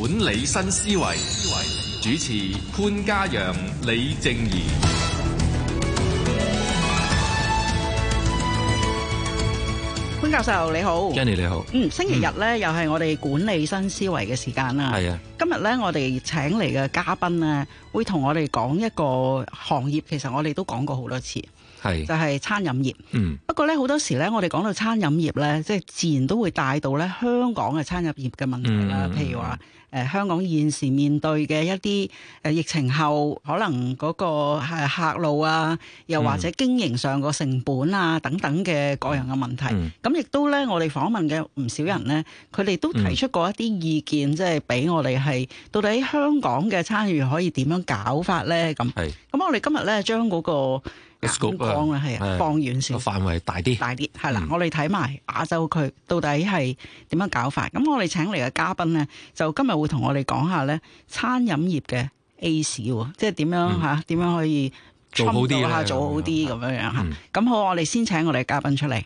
管理新思維，思維主持潘嘉陽、李靜宜。潘教授你好，Jenny 你好，你好，嗯，星期日呢又係我哋管理新思維嘅時間啦。係啊、嗯，今日呢我哋請嚟嘅嘉賓呢會同我哋講一個行業，其實我哋都講過好多次。係，就係餐飲業。不過咧，好多時咧，我哋講到餐飲業咧，即係自然都會帶到咧香港嘅餐飲業嘅問題啦。譬如話，誒香港現時面對嘅一啲誒疫情後可能嗰個客路啊，又或者經營上個成本啊等等嘅各樣嘅問題。咁亦都咧，我哋訪問嘅唔少人咧，佢哋都提出過一啲意見，即係俾我哋係到底香港嘅餐飲業可以點樣搞法咧？咁，咁我哋今日咧將嗰個。香港啦，啊，放、啊啊、遠少，個範圍大啲，大啲係啦。啊嗯、我哋睇埋亞洲區到底係點樣搞法？咁我哋請嚟嘅嘉賓咧，就今日會同我哋講下咧，餐飲業嘅 A 市喎，即係點樣嚇？點、嗯啊、樣可以做好啲啊？做好啲咁樣樣嚇。咁、啊嗯、好，我哋先請我哋嘅嘉賓出嚟。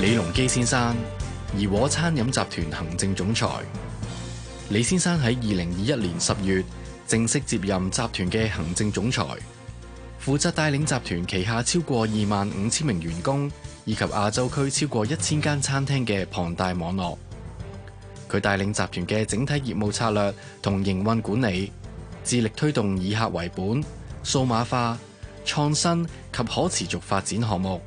李隆基先生，怡和餐飲集團行政總裁。李先生喺二零二一年十月正式接任集團嘅行政總裁，負責帶領集團旗下超過二萬五千名員工，以及亞洲區超過一千間餐廳嘅龐大網絡。佢帶領集團嘅整體業務策略同營運管理，致力推動以客為本、數碼化、創新及可持續發展項目。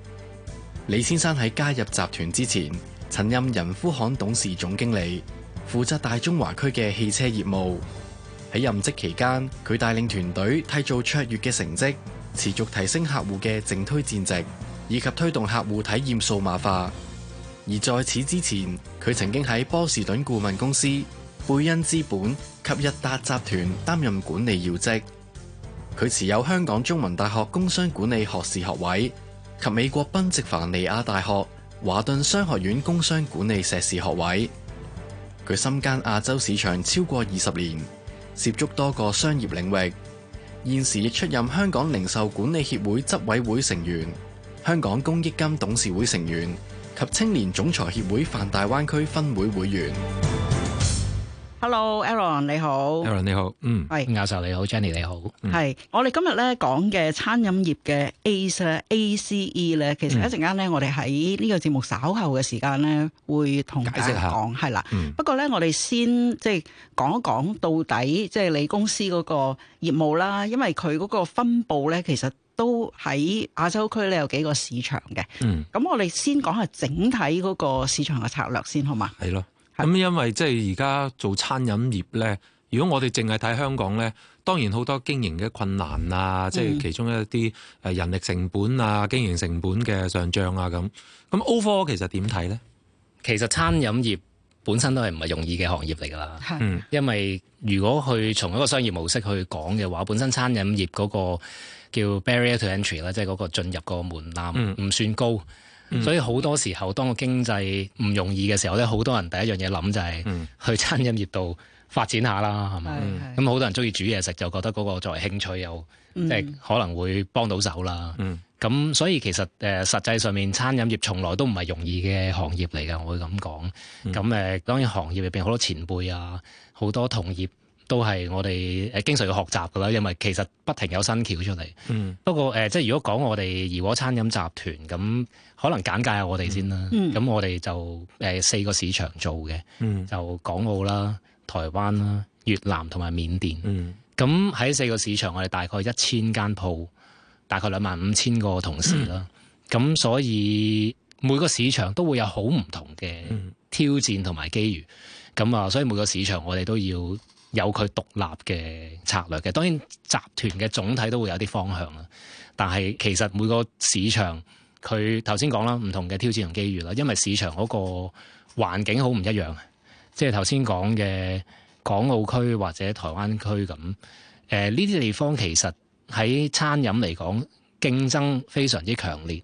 李先生喺加入集團之前，曾任仁孚行董事總經理。負責大中華區嘅汽車業務。喺任職期間，佢帶領團隊締造卓越嘅成績，持續提升客戶嘅淨推薦值，以及推動客戶體驗數碼化。而在此之前，佢曾經喺波士頓顧問公司、貝恩資本及日達集團擔任管理要職。佢持有香港中文大學工商管理學士學位及美國賓夕凡尼亞大學華頓商學院工商管理碩士學位。佢深耕亞洲市場超過二十年，涉足多個商業領域，現時亦出任香港零售管理協會執委會成員、香港公益金董事會成員及青年總裁協會泛大灣區分會會員。Hello，Aaron 你好。Aaron 你好，嗯，係教授你好，Jenny 你好，係、嗯、我哋今日咧講嘅餐飲業嘅 ACE 咧，ACE 咧，其實一陣間咧我哋喺呢個節目稍後嘅時間咧會同大家講係啦。不過咧我哋先即係講一講到底，即係你公司嗰個業務啦，因為佢嗰個分布咧，其實都喺亞洲區咧有幾個市場嘅。嗯，咁我哋先講下整體嗰個市場嘅策略先，好嗎？係咯。咁因為即係而家做餐飲業咧，如果我哋淨係睇香港咧，當然好多經營嘅困難啊，即係其中一啲誒人力成本啊、經營成本嘅上漲啊咁。咁 OFO 其實點睇咧？其實餐飲業本身都係唔係容易嘅行業嚟㗎啦。係。因為如果去從一個商業模式去講嘅話，本身餐飲業嗰個叫 barrier to entry 啦，即係嗰個進入個門檻唔算高。所以好多時候，當個經濟唔容易嘅時候咧，好多人第一樣嘢諗就係去餐飲業度發展下啦，係嘛？咁好是是 多人中意煮嘢食，就覺得嗰個作為興趣又即係、就是、可能會幫到手啦。咁、嗯、所以其實誒、呃、實際上面餐飲業從來都唔係容易嘅行業嚟㗎，我會咁講。咁誒、嗯呃、當然行業入邊好多前輩啊，好多同業都係我哋經常要學習㗎啦，因為其實不停有新橋出嚟。嗯、不過誒、呃，即係如果講我哋怡和餐飲集團咁。可能簡介下我哋先啦，咁、嗯、我哋就誒四個市場做嘅，嗯、就港澳啦、台灣啦、嗯、越南同埋緬甸，咁喺、嗯、四個市場我哋大概一千間鋪，大概兩萬五千個同事啦，咁、嗯、所以每個市場都會有好唔同嘅挑戰同埋機遇，咁啊所以每個市場我哋都要有佢獨立嘅策略嘅，當然集團嘅總體都會有啲方向啦，但係其實每個市場。佢頭先講啦，唔同嘅挑戰同機遇啦，因為市場嗰個環境好唔一樣，即係頭先講嘅港澳區或者台灣區咁。誒呢啲地方其實喺餐飲嚟講競爭非常之強烈，誒、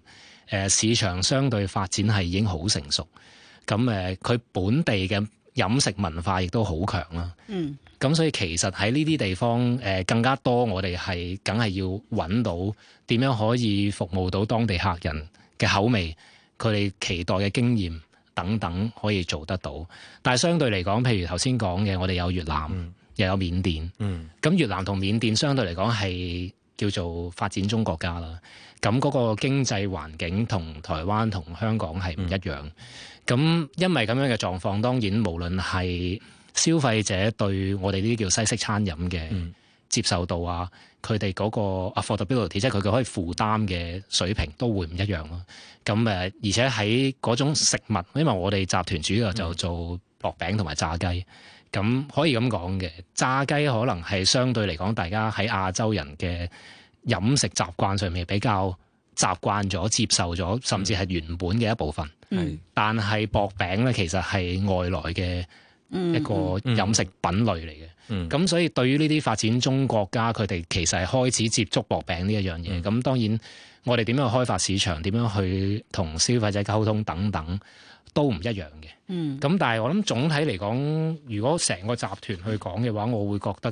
呃、市場相對發展係已經好成熟，咁誒佢本地嘅飲食文化亦都好強啦。嗯。咁所以其實喺呢啲地方，誒、呃、更加多我哋係，梗係要揾到點樣可以服務到當地客人嘅口味，佢哋期待嘅經驗等等，可以做得到。但係相對嚟講，譬如頭先講嘅，我哋有越南，嗯、又有緬甸。咁、嗯、越南同緬甸相對嚟講係叫做發展中國家啦。咁嗰個經濟環境同台灣同香港係唔一樣。咁、嗯、因為咁樣嘅狀況，當然無論係。消費者對我哋呢啲叫西式餐飲嘅接受度啊，佢哋嗰個 affordability 即係佢佢可以負擔嘅水平都會唔一樣咯。咁誒，而且喺嗰種食物，因為我哋集團主要就做薄餅同埋炸雞，咁、嗯、可以咁講嘅炸雞可能係相對嚟講，大家喺亞洲人嘅飲食習慣上面比較習慣咗、接受咗，甚至係原本嘅一部分。嗯、但係薄餅呢，其實係外來嘅。一個飲食品類嚟嘅，咁、嗯、所以對於呢啲發展中國家，佢哋其實係開始接觸薄餅呢一樣嘢。咁、嗯、當然我哋點樣去開發市場，點樣去同消費者溝通等等都唔一樣嘅。咁、嗯、但係我諗總體嚟講，如果成個集團去講嘅話，我會覺得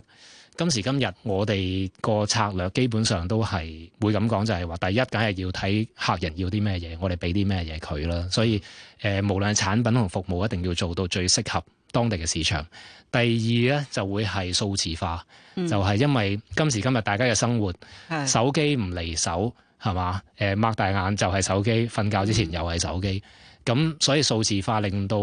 今時今日我哋個策略基本上都係會咁講就，就係話第一，梗係要睇客人要啲咩嘢，我哋俾啲咩嘢佢啦。所以誒、呃，無論係產品同服務，一定要做到最適合。當地嘅市場，第二咧就會係數字化，嗯、就係因為今時今日大家嘅生活，的手機唔離手，係嘛？誒、呃，擘大眼就係手機，瞓覺之前又係手機，咁、嗯、所以數字化令到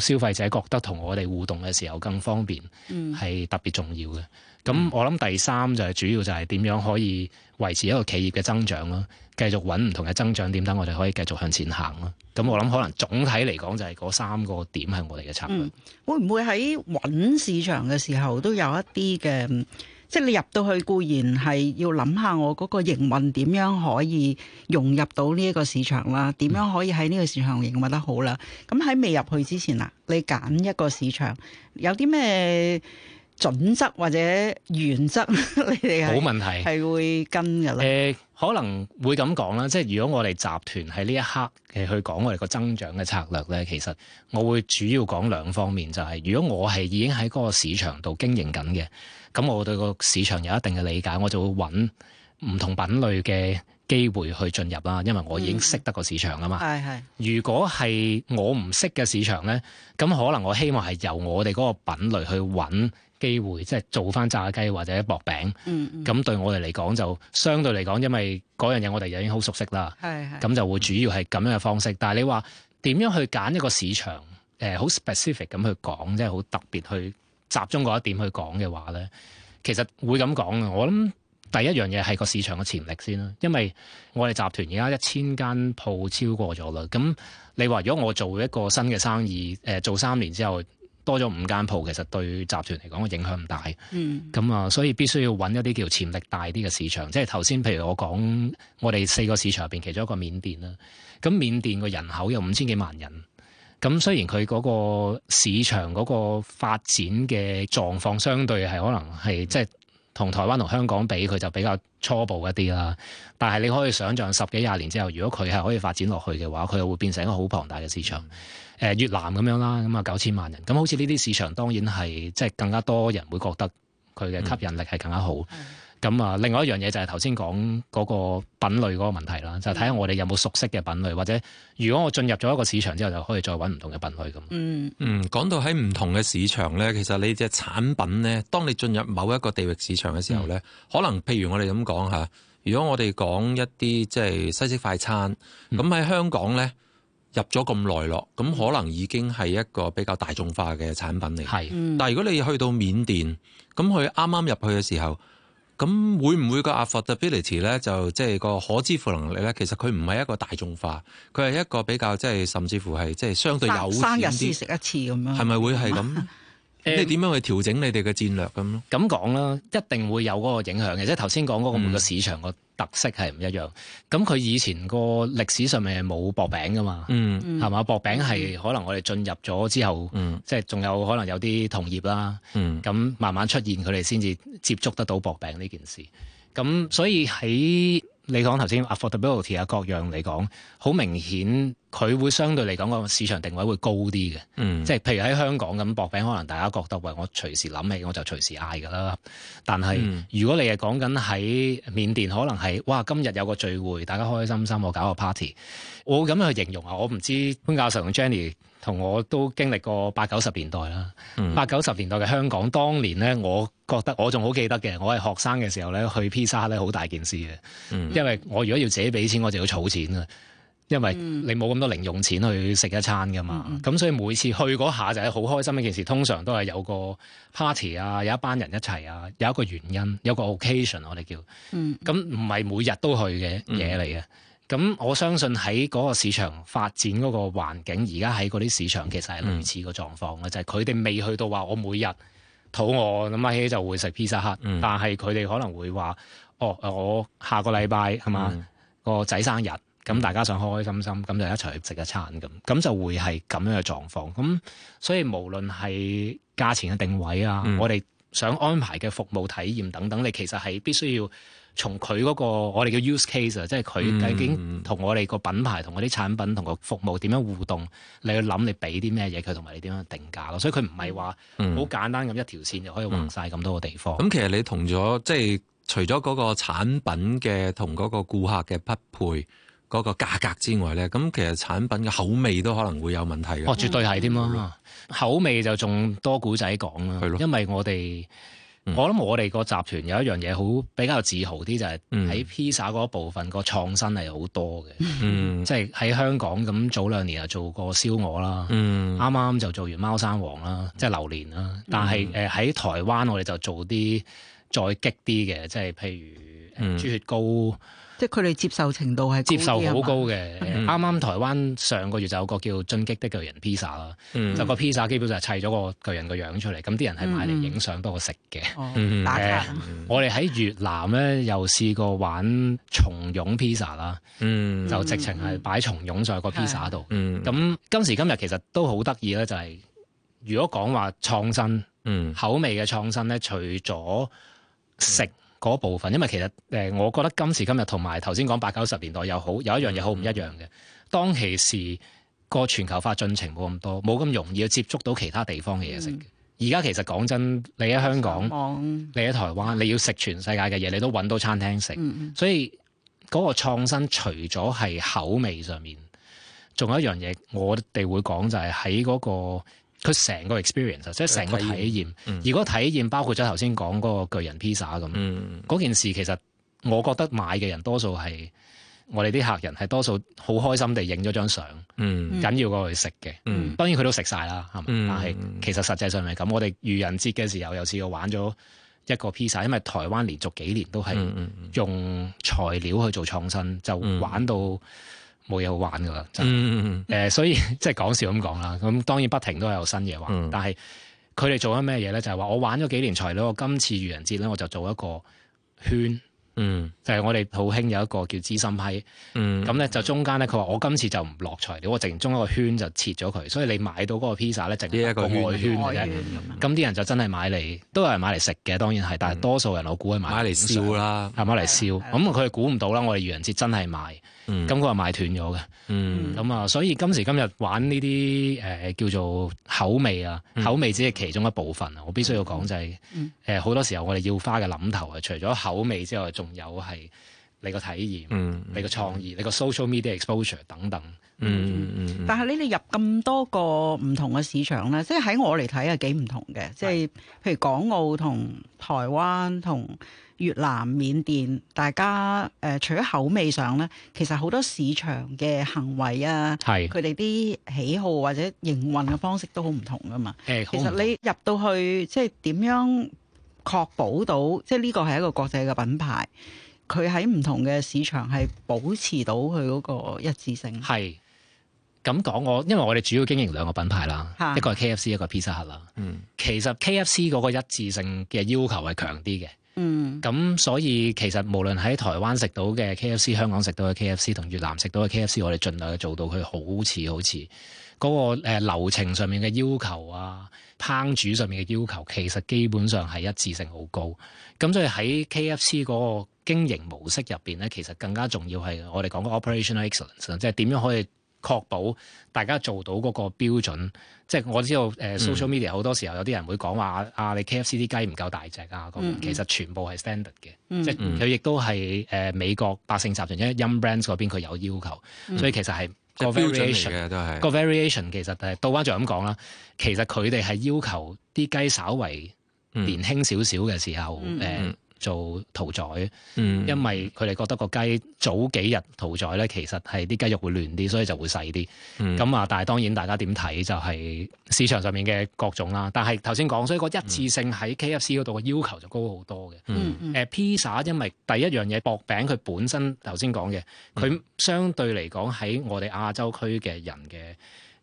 消費者覺得同我哋互動嘅時候更方便，係、嗯、特別重要嘅。咁我諗第三就係主要就係點樣可以維持一個企業嘅增長啦、啊，繼續搵唔同嘅增長點等我哋可以繼續向前行咯、啊。咁我諗可能總體嚟講就係嗰三個點係我哋嘅策略。嗯、會唔會喺搵市場嘅時候都有一啲嘅，即係你入到去固然係要諗下我嗰個營運點樣可以融入到呢一個市場啦，點樣可以喺呢個市場營運得好啦。咁喺、嗯、未入去之前啊，你揀一個市場有啲咩準則或者原則， 你哋冇是問題，係會跟㗎喇。誒、呃，可能會咁講啦，即係如果我哋集團喺呢一刻嘅去講我哋個增長嘅策略咧，其實我會主要講兩方面，就係、是、如果我係已經喺嗰個市場度經營緊嘅，咁我對個市場有一定嘅理解，我就會揾唔同品類嘅機會去進入啦，因為我已經識得個市場吖嘛。係係、嗯。如果係我唔識嘅市場咧，咁可能我希望係由我哋嗰個品類去揾。機會即係做翻炸雞或者薄餅，咁、嗯嗯、對我哋嚟講就相對嚟講，因為嗰樣嘢我哋已經好熟悉啦。係咁、嗯嗯、就會主要係咁樣嘅方式。但係你話點樣去揀一個市場？誒、呃，好 specific 咁去講，即係好特別去集中嗰一點去講嘅話呢，其實會咁講嘅。我諗第一樣嘢係個市場嘅潛力先啦，因為我哋集團而家一千間鋪超過咗啦。咁你話如果我做一個新嘅生意，誒、呃、做三年之後。多咗五間鋪，其實對集團嚟講嘅影響唔大。嗯，咁啊，所以必須要揾一啲叫潛力大啲嘅市場。即係頭先，譬如我講，我哋四個市場入邊，其中一個係緬甸啦。咁緬甸個人口有五千幾萬人。咁雖然佢嗰個市場嗰個發展嘅狀況，相對係可能係、嗯、即係同台灣同香港比，佢就比較初步一啲啦。但係你可以想像十幾廿年之後，如果佢係可以發展落去嘅話，佢又會變成一個好龐大嘅市場。誒越南咁樣啦，咁啊九千萬人，咁好似呢啲市場當然係即係更加多人會覺得佢嘅吸引力係更加好。咁啊、嗯，另外一樣嘢就係頭先講嗰個品類嗰個問題啦，就係睇下我哋有冇熟悉嘅品類，或者如果我進入咗一個市場之後，就可以再揾唔同嘅品類咁。嗯、嗯，講到喺唔同嘅市場呢，其實你嘅產品呢，當你進入某一個地域市場嘅時候呢，嗯、可能譬如我哋咁講吓，如果我哋講一啲即係西式快餐，咁喺、嗯、香港呢。入咗咁耐咯，咁可能已經係一個比較大眾化嘅產品嚟。係的，但係如果你去到緬甸，咁佢啱啱入去嘅時候，咁會唔會個阿 f 特 o r d a 咧，就即係個可支付能力咧？其實佢唔係一個大眾化，佢係一個比較即、就、係、是，甚至乎係即係相對有生日先食一次咁樣，係咪會係咁？ 你點樣去調整你哋嘅戰略咁咯。咁講啦，一定會有嗰個影響嘅，即係頭先講嗰個每個市場、嗯特色係唔一樣，咁佢以前個歷史上面係冇薄餅㗎嘛，係嘛、嗯？薄餅係可能我哋進入咗之後，嗯、即係仲有可能有啲同業啦，咁、嗯、慢慢出現佢哋先至接觸得到薄餅呢件事。咁所以喺你講頭先 affordability 啊各樣嚟講，好明顯。佢會相對嚟講個市場定位會高啲嘅，即係、嗯、譬如喺香港咁薄餅，可能大家覺得話我隨時諗起我就隨時嗌㗎啦。但係、嗯、如果你係講緊喺緬甸，可能係哇今日有個聚會，大家開開心心我搞個 party。我咁樣去形容啊，我唔知潘教授同 Jenny 同我都經歷過八九十年代啦。嗯、八九十年代嘅香港，當年呢我覺得我仲好記得嘅，我係學生嘅時候呢去 pizza 咧，好大件事嘅，嗯、因為我如果要自己俾錢，我就要儲錢啊。因為你冇咁多零用錢去食一餐㗎嘛，咁、嗯、所以每次去嗰下就係好開心一件事，嗯、通常都係有個 party 啊，有一班人一齊啊，有一個原因，有個 occasion、啊、我哋叫，咁唔係每日都去嘅嘢嚟嘅。咁、嗯、我相信喺嗰個市場發展嗰個環境，而家喺嗰啲市場其實係類似個狀況嘅，嗯、就係佢哋未去到話我每日肚餓，諗下起就會食 Pizza Hut、嗯、但係佢哋可能會話，哦，我下個禮拜係咪個仔生日，生日。咁大家想開開心心，咁就一齊去食一餐咁，咁就會係咁樣嘅狀況。咁所以無論係價錢嘅定位啊，嗯、我哋想安排嘅服務體驗等等，你其實係必須要從佢嗰、嗰個我哋嘅 use case，即係佢究竟同我哋個品牌同嗰啲產品同個服務點樣互動，你去諗你俾啲咩嘢佢，同埋你點樣定價咯。所以佢唔係話好簡單咁一條線就可以橫晒咁多個地方。咁、嗯嗯、其實你同咗即係除咗嗰個產品嘅同嗰個顧客嘅匹配，嗰個價格之外咧，咁其實產品嘅口味都可能會有問題嘅。哦，絕對係添咯，嗯、口味就仲多古仔講啦。係咯的，因為我哋，嗯、我諗我哋個集團有一樣嘢好比較自豪啲，就係喺披薩嗰部分個創新係好多嘅。嗯，即係喺香港咁早兩年又做過燒鵝啦，啱啱、嗯、就做完貓山王啦，即、就、係、是、榴蓮啦。嗯、但係誒喺台灣，我哋就做啲再激啲嘅，即、就、係、是、譬如豬血糕。嗯嗯即係佢哋接受程度係接受好高嘅，啱啱台灣上個月就有個叫進擊的巨人披薩啦，就個披薩基本上係砌咗個巨人個樣出嚟，咁啲人係買嚟影相多過食嘅。我哋喺越南咧又試過玩松茸披薩啦，嗯，就直情係擺松茸在個披薩度。嗯，咁今時今日其實都好得意咧，就係如果講話創新，口味嘅創新咧，除咗食嗰部分，因為其實誒，我覺得今時今日同埋頭先講八九十年代又好，有一樣嘢好唔一樣嘅。嗯、當其時個全球化進程冇咁多，冇咁容易去接觸到其他地方嘅嘢食。而家、嗯、其實講真，你喺香港，方你喺台灣，你要食全世界嘅嘢，你都揾到餐廳食。嗯、所以嗰個創新除咗係口味上面，仲有一樣嘢，我哋會講就係喺嗰個。佢成個 experience，即係成個體驗。如果體，體，、嗯、體驗包括咗頭先講嗰個巨人披薩咁，嗰、嗯、件事其實我覺得買嘅人多數係我哋啲客人，係多數好開心地影咗張相。緊、嗯、要過去食嘅，嗯、當然佢都食晒啦，係、嗯、但係其實實際上係咁。我哋愚人節嘅時候又試過玩咗一個披薩，因為台灣連續幾年都係用材料去做創新，就玩到。冇嘢好玩噶啦，誒、mm hmm. 呃，所以即係講笑咁講啦。咁當然不停都有新嘢玩，mm hmm. 但係佢哋做緊咩嘢咧？就係、是、話我玩咗幾年才材，我今次愚人節咧，我就做一個圈，嗯、mm。Hmm. 就係我哋好興有一個叫芝心批，咁咧就中間咧，佢話我今次就唔落材料，我直然中一個圈就切咗佢，所以你買到嗰個 pizza 咧，淨係一個外圈嚟嘅。咁啲人就真係買嚟，都有人買嚟食嘅，當然係，但係多數人我估係買嚟燒啦，係買嚟燒。咁佢估唔到啦，我哋愚人節真係賣，咁佢話賣斷咗嘅。咁啊，所以今時今日玩呢啲誒叫做口味啊，口味只係其中一部分啊。我必須要講就係誒好多時候我哋要花嘅諗頭啊，除咗口味之外，仲有係。你個體驗，嗯、你個創意，嗯、你個 social media exposure 等等，嗯嗯嗯。嗯，但係你哋入咁多個唔同嘅市場咧，即係喺我嚟睇係幾唔同嘅。即、就、係、是、譬如港澳同台灣同越南、緬甸，大家誒、呃，除咗口味上咧，其實好多市場嘅行為啊，係佢哋啲喜好或者營運嘅方式都好唔同㗎嘛。誒、欸，其實你入到去即係點樣確保到，即係呢個係一個國際嘅品牌。佢喺唔同嘅市場係保持到佢嗰個一致性。係咁講我，因為我哋主要經營兩個品牌啦，啊、一個係 KFC，一個 Pizza Hut 啦。嗯，其實 KFC 嗰個一致性嘅要求係強啲嘅。嗯，咁所以其實無論喺台灣食到嘅 KFC、香港食到嘅 KFC 同越南食到嘅 KFC，我哋盡量去做到佢好似好似嗰個誒流程上面嘅要求啊，烹煮上面嘅要求，其實基本上係一致性好高。咁所以喺 KFC 嗰個經營模式入邊咧，其實更加重要係我哋講個 operational excellence，即係點樣可以確保大家做到嗰個標準。即係我知道誒 social media 好多時候有啲人會講話啊，你 KFC 啲雞唔夠大隻啊咁，嗰個嗯、其實全部係 standard 嘅，嗯、即係佢亦都係誒美國百勝集團，因為 Yum Brands 嗰邊佢有要求，所以其實係。嗯個 variation 嚟嘅都係個 variation 其實係倒翻就咁講啦，其實佢哋係要求啲雞稍為年輕少少嘅時候誒。嗯呃嗯.做屠宰，因為佢哋覺得個雞早幾日屠宰咧，其實係啲雞肉會嫩啲，所以就會細啲。咁啊、嗯，但係當然大家點睇就係、是、市場上面嘅各種啦。但係頭先講，所以個一次性喺 KFC 嗰度嘅要求就高好多嘅。Pizza，嗯 uh, Pizza，因為第一樣嘢薄餅，佢本身頭先講嘅，佢相對嚟講喺我哋亞洲區嘅人嘅。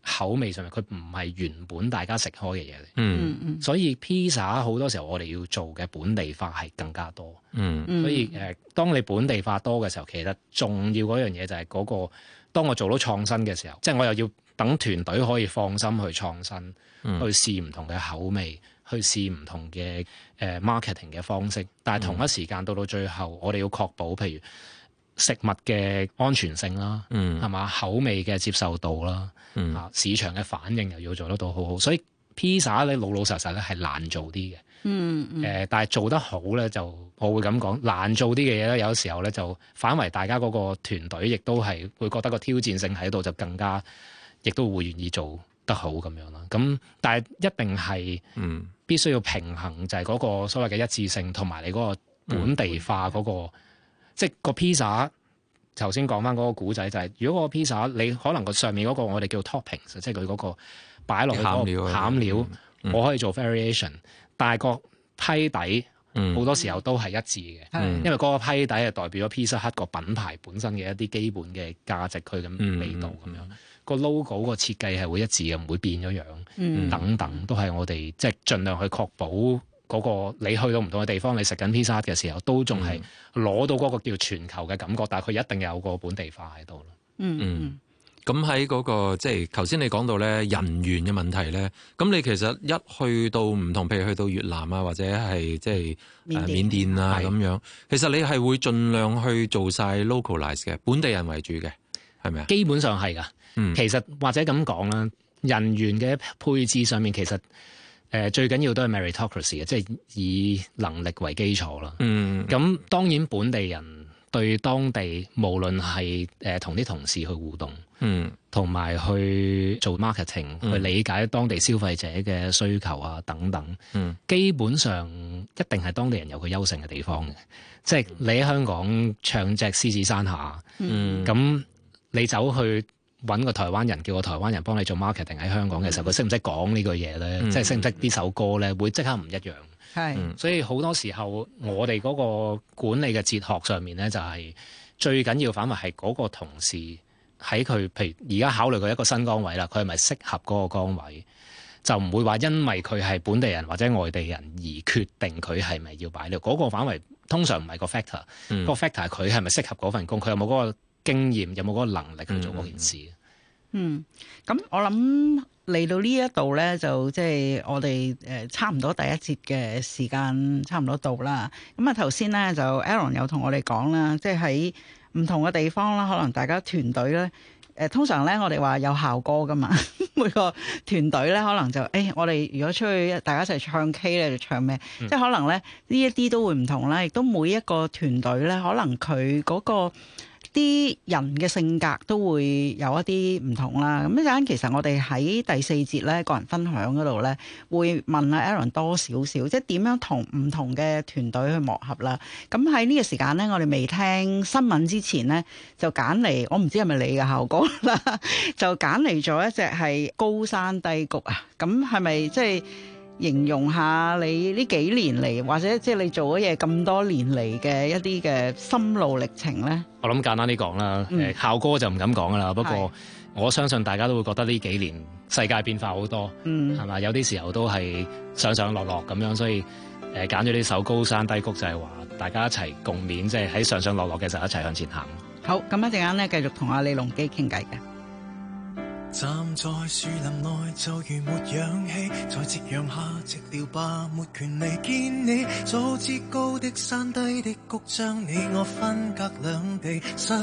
口味上面，佢唔係原本大家食開嘅嘢嚟。嗯嗯，所以披薩好多時候我哋要做嘅本地化係更加多。嗯嗯，所以誒，當你本地化多嘅時候，其實重要嗰樣嘢就係嗰個，當我做到創新嘅時候，即係我又要等團隊可以放心去創新，嗯、去試唔同嘅口味，去試唔同嘅誒、呃、marketing 嘅方式。但係同一時間到、嗯、到最後，我哋要確保譬如。食物嘅安全性啦，係嘛、嗯、口味嘅接受度啦，嗯、啊市場嘅反應又要做得到好好，所以披薩咧老老實實咧係難做啲嘅，誒、嗯嗯呃、但係做得好咧就我會咁講，難做啲嘅嘢咧有時候咧就反為大家嗰個團隊亦都係會覺得個挑戰性喺度就更加，亦都會願意做得好咁樣啦。咁但係一定係必須要平衡就係嗰個所謂嘅一致性同埋你嗰個本地化嗰個、嗯。即係、個披薩，頭先講翻嗰個古仔就係、是，如果個披薩你可能個上面嗰個我哋叫 toppings 即係佢嗰個擺落嗰個餡料，我可以做 variation，但係個批底好多時候都係一致嘅，嗯、因為嗰個批底係代表咗 Pizza Hut 個品牌本身嘅一啲基本嘅價值，佢嘅味道咁、嗯、樣，個 logo 個設計係會一致嘅，唔會變咗樣，嗯、等等都係我哋即係盡量去確保。嗰個你去到唔同嘅地方，你食緊披薩嘅時候，都仲係攞到嗰個叫全球嘅感覺，但係佢一定有個本地化喺度咯。嗯，咁喺嗰個即係頭先你講到咧人員嘅問題咧，咁你其實一去到唔同，譬如去到越南啊，或者係即係啊緬甸啊咁是樣，其實你係會盡量去做晒 localize 嘅本地人為主嘅，係咪啊？基本上係噶、嗯，其實或者咁講啦，人員嘅配置上面其實。誒最緊要都係 meritocracy 嘅，即係以能力為基礎啦。嗯，咁當然本地人對當地無論係誒同啲同事去互動，嗯，同埋去做 marketing，去理解當地消費者嘅需求啊等等，嗯，基本上一定係當地人有佢優勝嘅地方嘅，即係你喺香港唱隻獅子山下，嗯，咁你走去，揾個台灣人，叫個台灣人幫你做 market，定喺香港嘅時候，佢識唔識講呢句嘢咧？嗯、即係識唔識呢首歌咧？會即刻唔一樣。係是，嗯、所以好多時候我哋嗰個管理嘅哲學上面咧，就係、是、最緊要反為係嗰個同事喺佢譬如而家考慮佢一個新崗位啦，佢係咪適合嗰個崗位？就唔會話因為佢係本地人或者外地人而決定佢係咪要擺呢度。嗰個反為通常唔係個 factor、嗯。個 factor 係佢係咪適合嗰份工？佢有冇嗰、嗰個？經驗有冇嗰個能力去做嗰件事？嗯，咁、嗯嗯、我諗嚟到呢一度呢，就即係、就是、我哋誒、呃、差唔多第一節嘅時間，差唔多到啦。咁啊頭先呢，就 Aaron 有同我哋講啦，即係喺唔同嘅地方啦，可能大家團隊呢，誒、呃、通常呢，我哋話有校歌㗎嘛， 每個團隊呢，可能就誒、欸、我哋如果出去大家一齊唱 K 咧，就唱咩？嗯、即係可能呢，呢一啲都會唔同啦，亦都每一個團隊呢，可能佢嗰、那個，啲人嘅性格都會有一啲唔同啦。咁一陣間，其實我哋喺第四節咧，個人分享嗰度咧，會問 Aaron 多少少，即係點樣同唔同嘅團隊去磨合啦。咁喺呢個時間咧，我哋未聽新聞之前咧，就揀嚟，我唔知係咪你嘅效果啦， 就揀嚟咗一隻係高山低谷啊。咁係咪即係？形容下你呢幾年嚟，或者即係你做嘅嘢咁多年嚟嘅一啲嘅心路歷程咧？我諗簡單啲講啦，誒，校歌就唔敢講噶啦。不過我相信大家都會覺得呢幾年世界變化好多，係嘛、嗯？有啲時候都係上上落落咁樣，所以誒，揀咗呢首高山低谷就係話大家一齊共勉，即係喺上上落落嘅時候一齊向前行。好，咁一陣間咧繼續同阿李龍基傾偈嘅。站在樹林內，就如沒氧氣。在夕陽下寂寥吧，沒權利見你。早知高的山低的谷將你我分隔兩地，失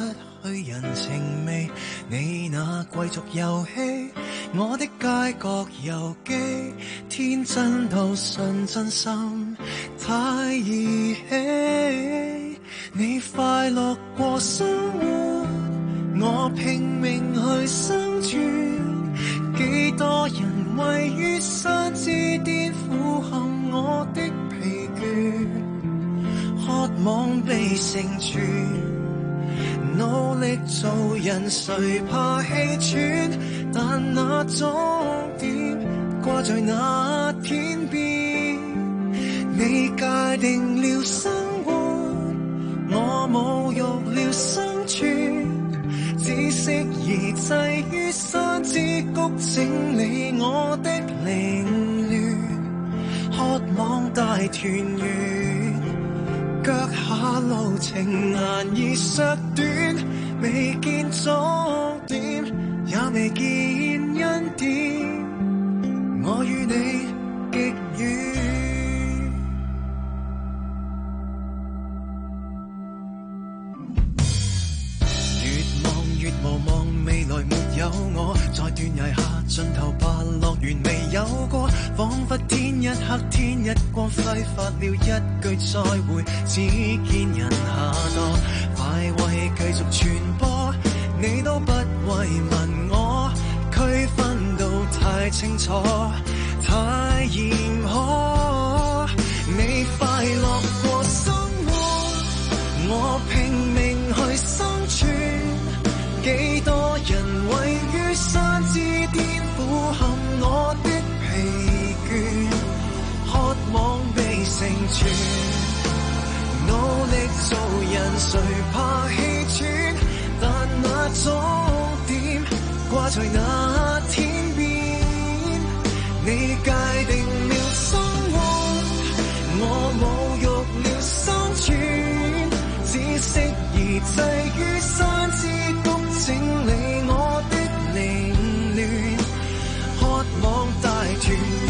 去人情味。你那貴族遊戲，我的街角遊記，天真到信真心，太兒戲。你快樂過生活，我拼命去生。位於山之巔，俯瞰我的疲倦，渴望被成全，努力做人，誰怕氣喘？但那終點掛在那天邊，你界定了生活，我侮辱了生存，只適宜寄於。枝谷整理我的凌亂，渴望大團圓。腳下路程難以縮短，未見終點，也未見恩典。我與你。一刻天一光，揮發了一句再會，只見人下落，快慰繼續傳播，你都不慰問我，區分到太清楚，太嚴苛。你快樂過生活，我拼。努力做人，誰怕氣喘？但那終點掛在那天邊。你界定了生活，我侮辱了生存。只適宜滯於山之谷，整理我的凌亂，渴望大團。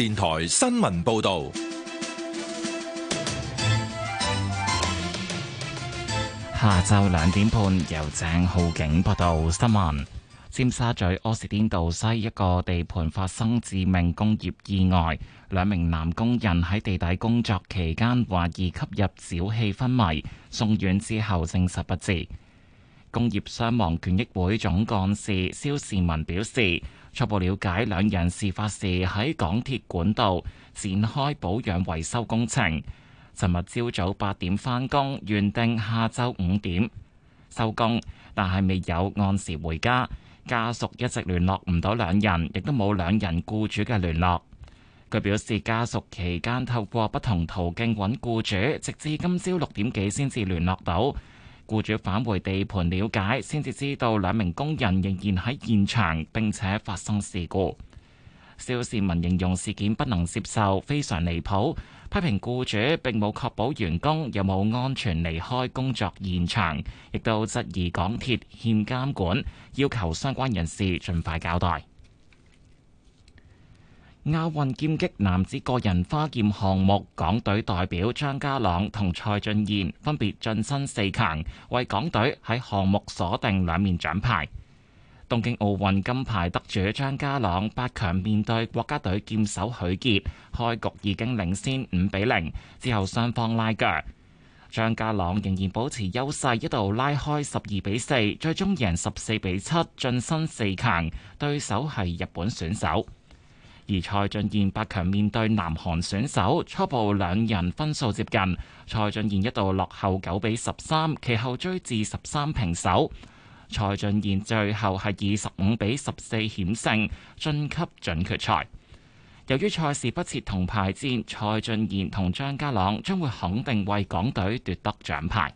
電台新聞報道，下晝兩點半由鄭浩景報道新聞。尖沙咀柯士甸道西一個地盤發生致命工業意外，兩名男工人喺地底工作期間懷疑吸入沼氣昏迷，送院之後證實不治。工業傷亡權益會總幹事蕭士文表示，初步了解兩人事發時喺港鐵管道展開保養維修工程。尋日朝早八點返工，原定下晝五點收工，但係未有按時回家，家屬一直聯絡唔到兩人，亦都冇兩人雇主嘅聯絡。佢表示，家屬期間透過不同途徑揾雇主，直至今朝六點幾先至聯絡到。雇主返回地盤了解，先至知道兩名工人仍然喺現場，並且發生事故。小市民形容事件不能接受，非常離譜，批評雇主並冇確保員工有冇安全離開工作現場，亦都質疑港鐵欠監管，要求相關人士盡快交代。亞運劍擊男子個人花劍項目，港隊代表張家朗同蔡俊賢分別晉身四強，為港隊喺項目鎖定兩面獎牌。東京奧運金牌得主張家朗八強面對國家隊劍手許傑，開局已經領先五比零，之後雙方拉鋸，張家朗仍然保持優勢，一度拉開十二比四，最終贏十四比七，晉身四強。對手係日本選手。而蔡俊彥八強面對南韓選手，初步兩人分數接近，蔡俊彥一度落後九比十三，其後追至十三平手，蔡俊彥最後係十五比十四險勝晉級準決賽。由於賽事不設銅牌戰，蔡俊彥同張家朗將會肯定為港隊奪得獎牌。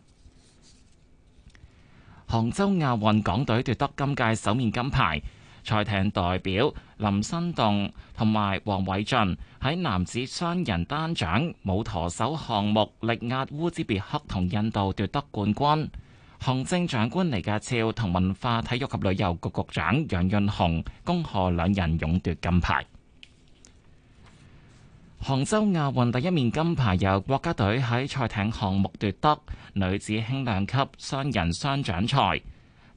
杭州亞運港隊奪得今屆首面金牌，賽艇代表林新棟。同埋黃偉俊喺男子雙人單槓、舞陀手項目力壓烏茲別克同印度奪得冠軍。行政長官李家超同文化體育及旅遊局局長楊潤雄恭賀兩人勇奪金牌。杭州亞運第一面金牌由國家隊喺賽艇項目奪得，女子輕量級雙人雙槳賽，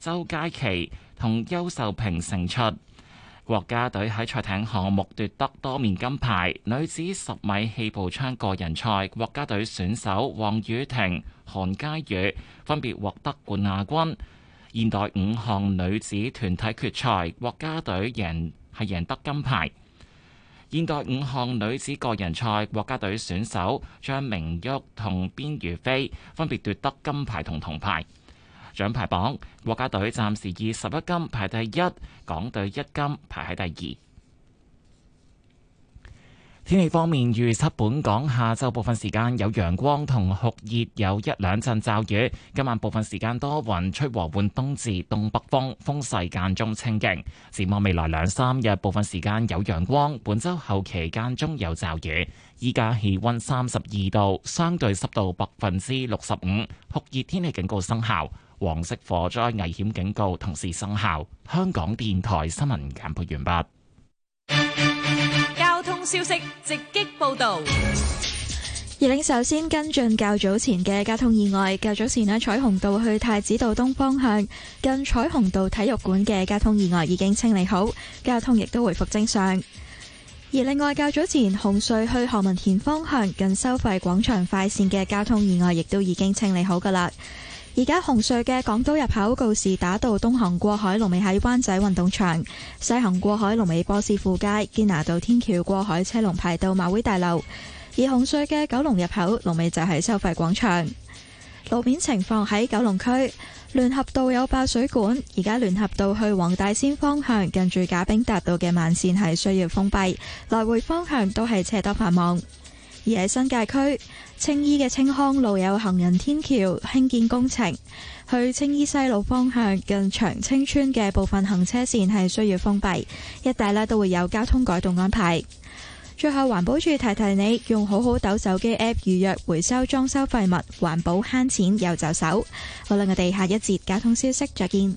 周佳琪同邱秀萍勝出。國家隊喺賽艇項目奪得多面金牌，女子十米氣步槍個人賽，國家隊選手黃雨婷、韓佳予分別獲得冠亞軍；現代五項女子團體決賽，國家隊贏係贏得金牌；現代五項女子個人賽，國家隊選手張明鈺同邊雨菲分別奪得金牌同銅牌。獎牌榜，國家隊暫時以十一金排第一，港隊一金排喺第二。天氣方面，預測本港下晝部分時間有陽光同酷熱，有一兩陣驟雨。今晚部分時間多雲，吹和緩東至東北風，風勢間中清勁。展望未來兩三日，部分時間有陽光，本周後期間中有驟雨。依家氣溫三十二度，相對濕度百分之六十五，酷熱天氣警告生效。黃色火災危險警告同時生效。香港電台新聞簡報完畢。交通消息直擊報道。而領首先跟進較早前嘅交通意外。較早前喺彩虹道去太子道東方向近彩虹道體育館嘅交通意外已經清理好，交通亦都回復正常。而另外較早前紅隧去何文田方向近收費廣場快線嘅交通意外亦都已經清理好噶啦。而家紅隧嘅港島入口，告士打道東行過海龍尾喺灣仔運動場，西行過海龍尾波斯富街堅拿道天橋過海車龍排到馬會大樓。而紅隧嘅九龍入口龍尾就係收費廣場。路面情況喺九龍區，聯合道有爆水管，而家聯合道去黃大仙方向，近住賈炳達道嘅慢線係需要封閉，來回方向都係車多繁忙。而喺新界區青衣嘅青康路有行人天橋興建工程，去青衣西路方向近長青村嘅部分行車線係需要封閉，一帶呢都會有交通改動安排。最後環保處提提你，用好好鬥手機 app 預約回收裝修廢物，環保慳錢又就手。好啦，我哋下一節交通消息再見。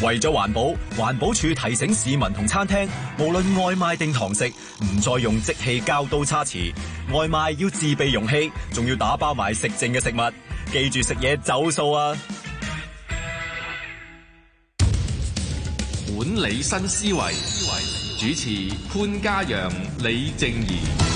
為咗環保，環保署提醒市民同餐廳，無論外賣定堂食，唔再用即棄膠刀叉匙。外賣要自備容器，仲要打包埋食剩嘅食物。記住食嘢走塑啊！管理新思維，思維主持潘嘉陽、李靜宜。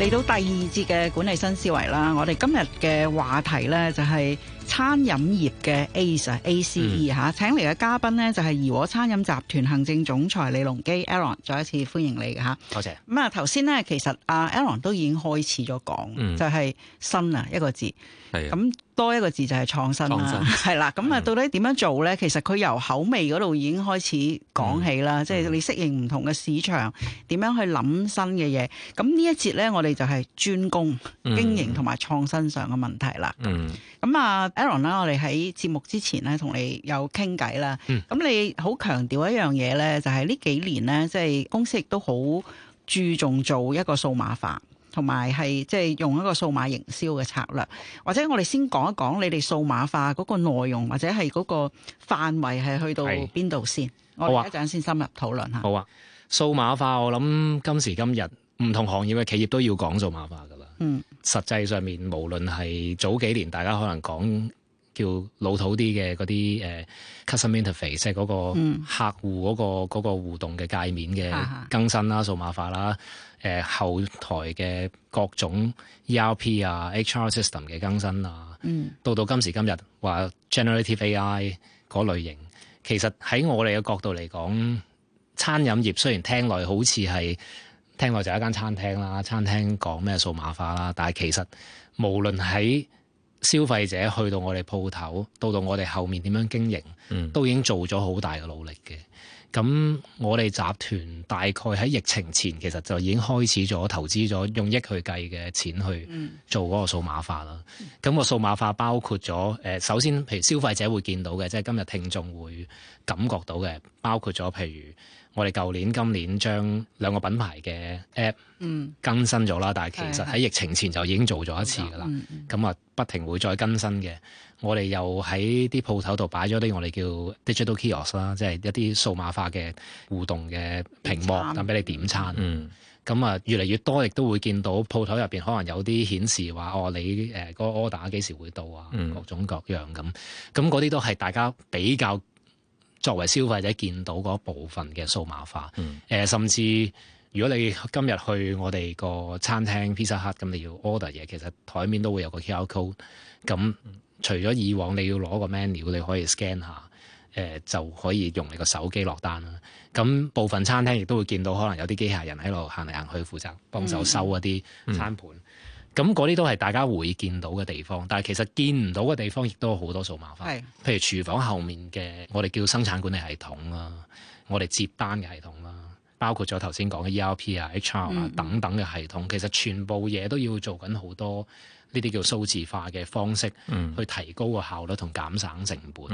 嚟到第二節嘅管理新思維啦，我哋今日嘅話題呢，就係餐飲業嘅 ACE，ACE 嚇，請嚟嘅嘉賓呢，就係怡和餐飲集團行政總裁李龍基 Aaron 再一次歡迎你嘅嚇，多謝。咁啊頭先呢，其實阿 Aaron 都已經開始咗講，就係、是、新啊一個字。咁多一個字就係創新啦，係啦創新，咁啊到底點樣做咧？其實佢由口味嗰度已經開始講起啦，即係、嗯、你適應唔同嘅市場，點、嗯、樣去諗新嘅嘢？咁呢一節咧，我哋就係專攻經營同埋創新上嘅問題啦。咁啊、嗯、Aaron 啦，我哋喺節目之前咧，同、嗯、你有傾偈啦。咁你好強調一樣嘢咧，就係、是、呢幾年咧，即、就、係、是、公司亦都好注重做一個數碼化。同埋係即係用一個數碼營銷嘅策略，或者我哋先講一講你哋數碼化嗰個內容，或者係嗰個範圍係去到邊度先？是我哋一陣先深入討論下。好啊。好啊，數碼化我諗今時今日唔同行業嘅企業都要講數碼化㗎啦。嗯，實際上面無論係早幾年大家可能講。叫老土啲嘅嗰啲誒、呃、customer interface，即係嗰個客戶嗰、個嗰、嗯、個互動嘅界面嘅更新啦、數碼、啊啊、化啦、誒、呃、後台嘅各種 ERP 啊、HR system 嘅更新啊，嗯，到到今時今日話 generative AI 嗰類型，其實喺我哋嘅角度嚟講，餐飲業雖然聽來好似係聽來就一間餐廳啦，餐廳講咩數碼化啦，但係其實無論喺消費者去到我哋鋪頭，到到我哋後面點樣經營，都已經做咗好大嘅努力嘅。咁、嗯、我哋集團大概喺疫情前，其實就已經開始咗投資咗，用億去計嘅錢去做嗰個數碼化啦。咁、嗯、個數碼化包括咗誒、呃，首先譬如消費者會見到嘅，即係今日聽眾會感覺到嘅，包括咗譬如。我哋舊年、今年將兩個品牌嘅 App、嗯、更新咗啦，但係其實喺疫情前就已經做咗一次噶啦。咁啊、嗯，嗯、不停會再更新嘅。我哋又喺啲鋪頭度擺咗啲我哋叫 Digital Kiosk 啦，即係一啲數碼化嘅互動嘅屏幕，等俾餐你點餐。咁啊、嗯，越嚟越多，亦都會見到鋪頭入邊可能有啲顯示話，哦，你誒嗰 order 幾時會到啊？嗯、各種各樣咁，咁嗰啲都係大家比較。作為消費者見到部分嘅數碼化，誒、嗯呃、甚至如果你今日去我哋個餐廳 Pizza Hut，咁你要 order 嘢，其實台面都會有個 QR code。咁除咗以往你要攞個 menu，你可以 scan 下，誒、呃、就可以用你個手機落單啦。咁部分餐廳亦都會見到，可能有啲機械人喺度行嚟行去負責幫手收一啲餐盤。嗯嗯嗯咁嗰啲都係大家會見到嘅地方，但係其實見唔到嘅地方亦都有好多數碼化，是譬如廚房後面嘅我哋叫生產管理系統啦，我哋接單嘅系統啦，包括咗頭先講嘅 ERP 啊、HR 啊等等嘅系統，嗯、其實全部嘢都要做緊好多呢啲叫數字化嘅方式去提高個效率同減省成本。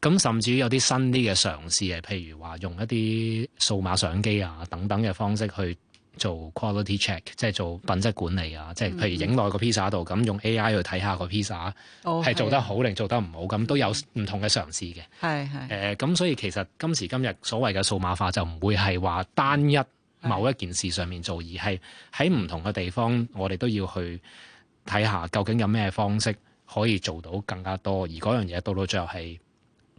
咁、嗯、甚至於有啲新啲嘅嘗試係，譬如話用一啲數碼相機啊等等嘅方式去做 quality check，即係做品質管理啊！即係、嗯、譬如影落個 pizza 度，咁用 AI 去睇下個 pizza 係、哦、做得好定做得唔好，咁、嗯、都有唔同嘅嘗試嘅。係係、嗯。誒咁，呃、所以其實今時今日所謂嘅數碼化就唔會係話單一某一件事上面做，是而係喺唔同嘅地方，我哋都要去睇下究竟有咩方式可以做到更加多，而嗰樣嘢到到最後係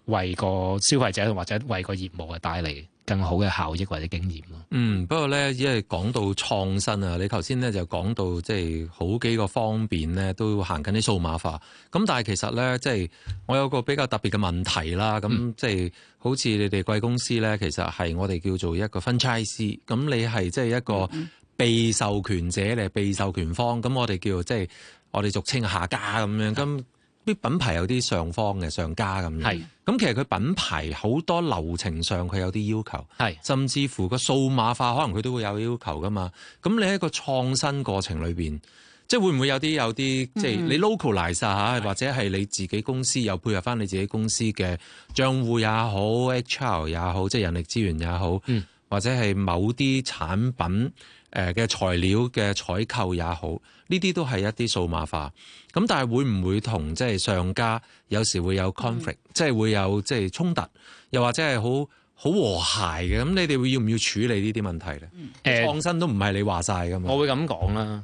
為個消費者或者為個業務嘅帶嚟。更好嘅效益或者經驗咯。嗯，不過咧，因為講到創新啊，你頭先咧就講到即係、就是、好幾個方面咧，都行緊啲數碼化。咁但係其實咧，即、就、係、是、我有個比較特別嘅問題啦。咁即係好似你哋貴公司咧，其實係我哋叫做一個 franchise。咁你係即係一個被授權者嚟，你係被授權方。咁我哋叫即係、就是、我哋俗稱下家咁樣。咁啲品牌有啲上方嘅上家咁，咁是其實佢品牌好多流程上佢有啲要求，是甚至乎個數碼化可能佢都會有要求噶嘛。咁你喺個創新過程裏邊，即係會唔會有啲有啲即係你 localize 吓、嗯，或者係你自己公司又配合翻你自己公司嘅賬戶也好，HR 也好，即係人力資源也好，嗯、或者係某啲產品。誒嘅材料嘅採購也好，呢啲都係一啲數碼化。咁但係會唔會同即係上家有時會有 conflict，即係會有即係衝突，又或者係好好和諧嘅？咁你哋會要唔要處理呢啲問題咧？創新都唔係你話晒㗎嘛。我會咁講啦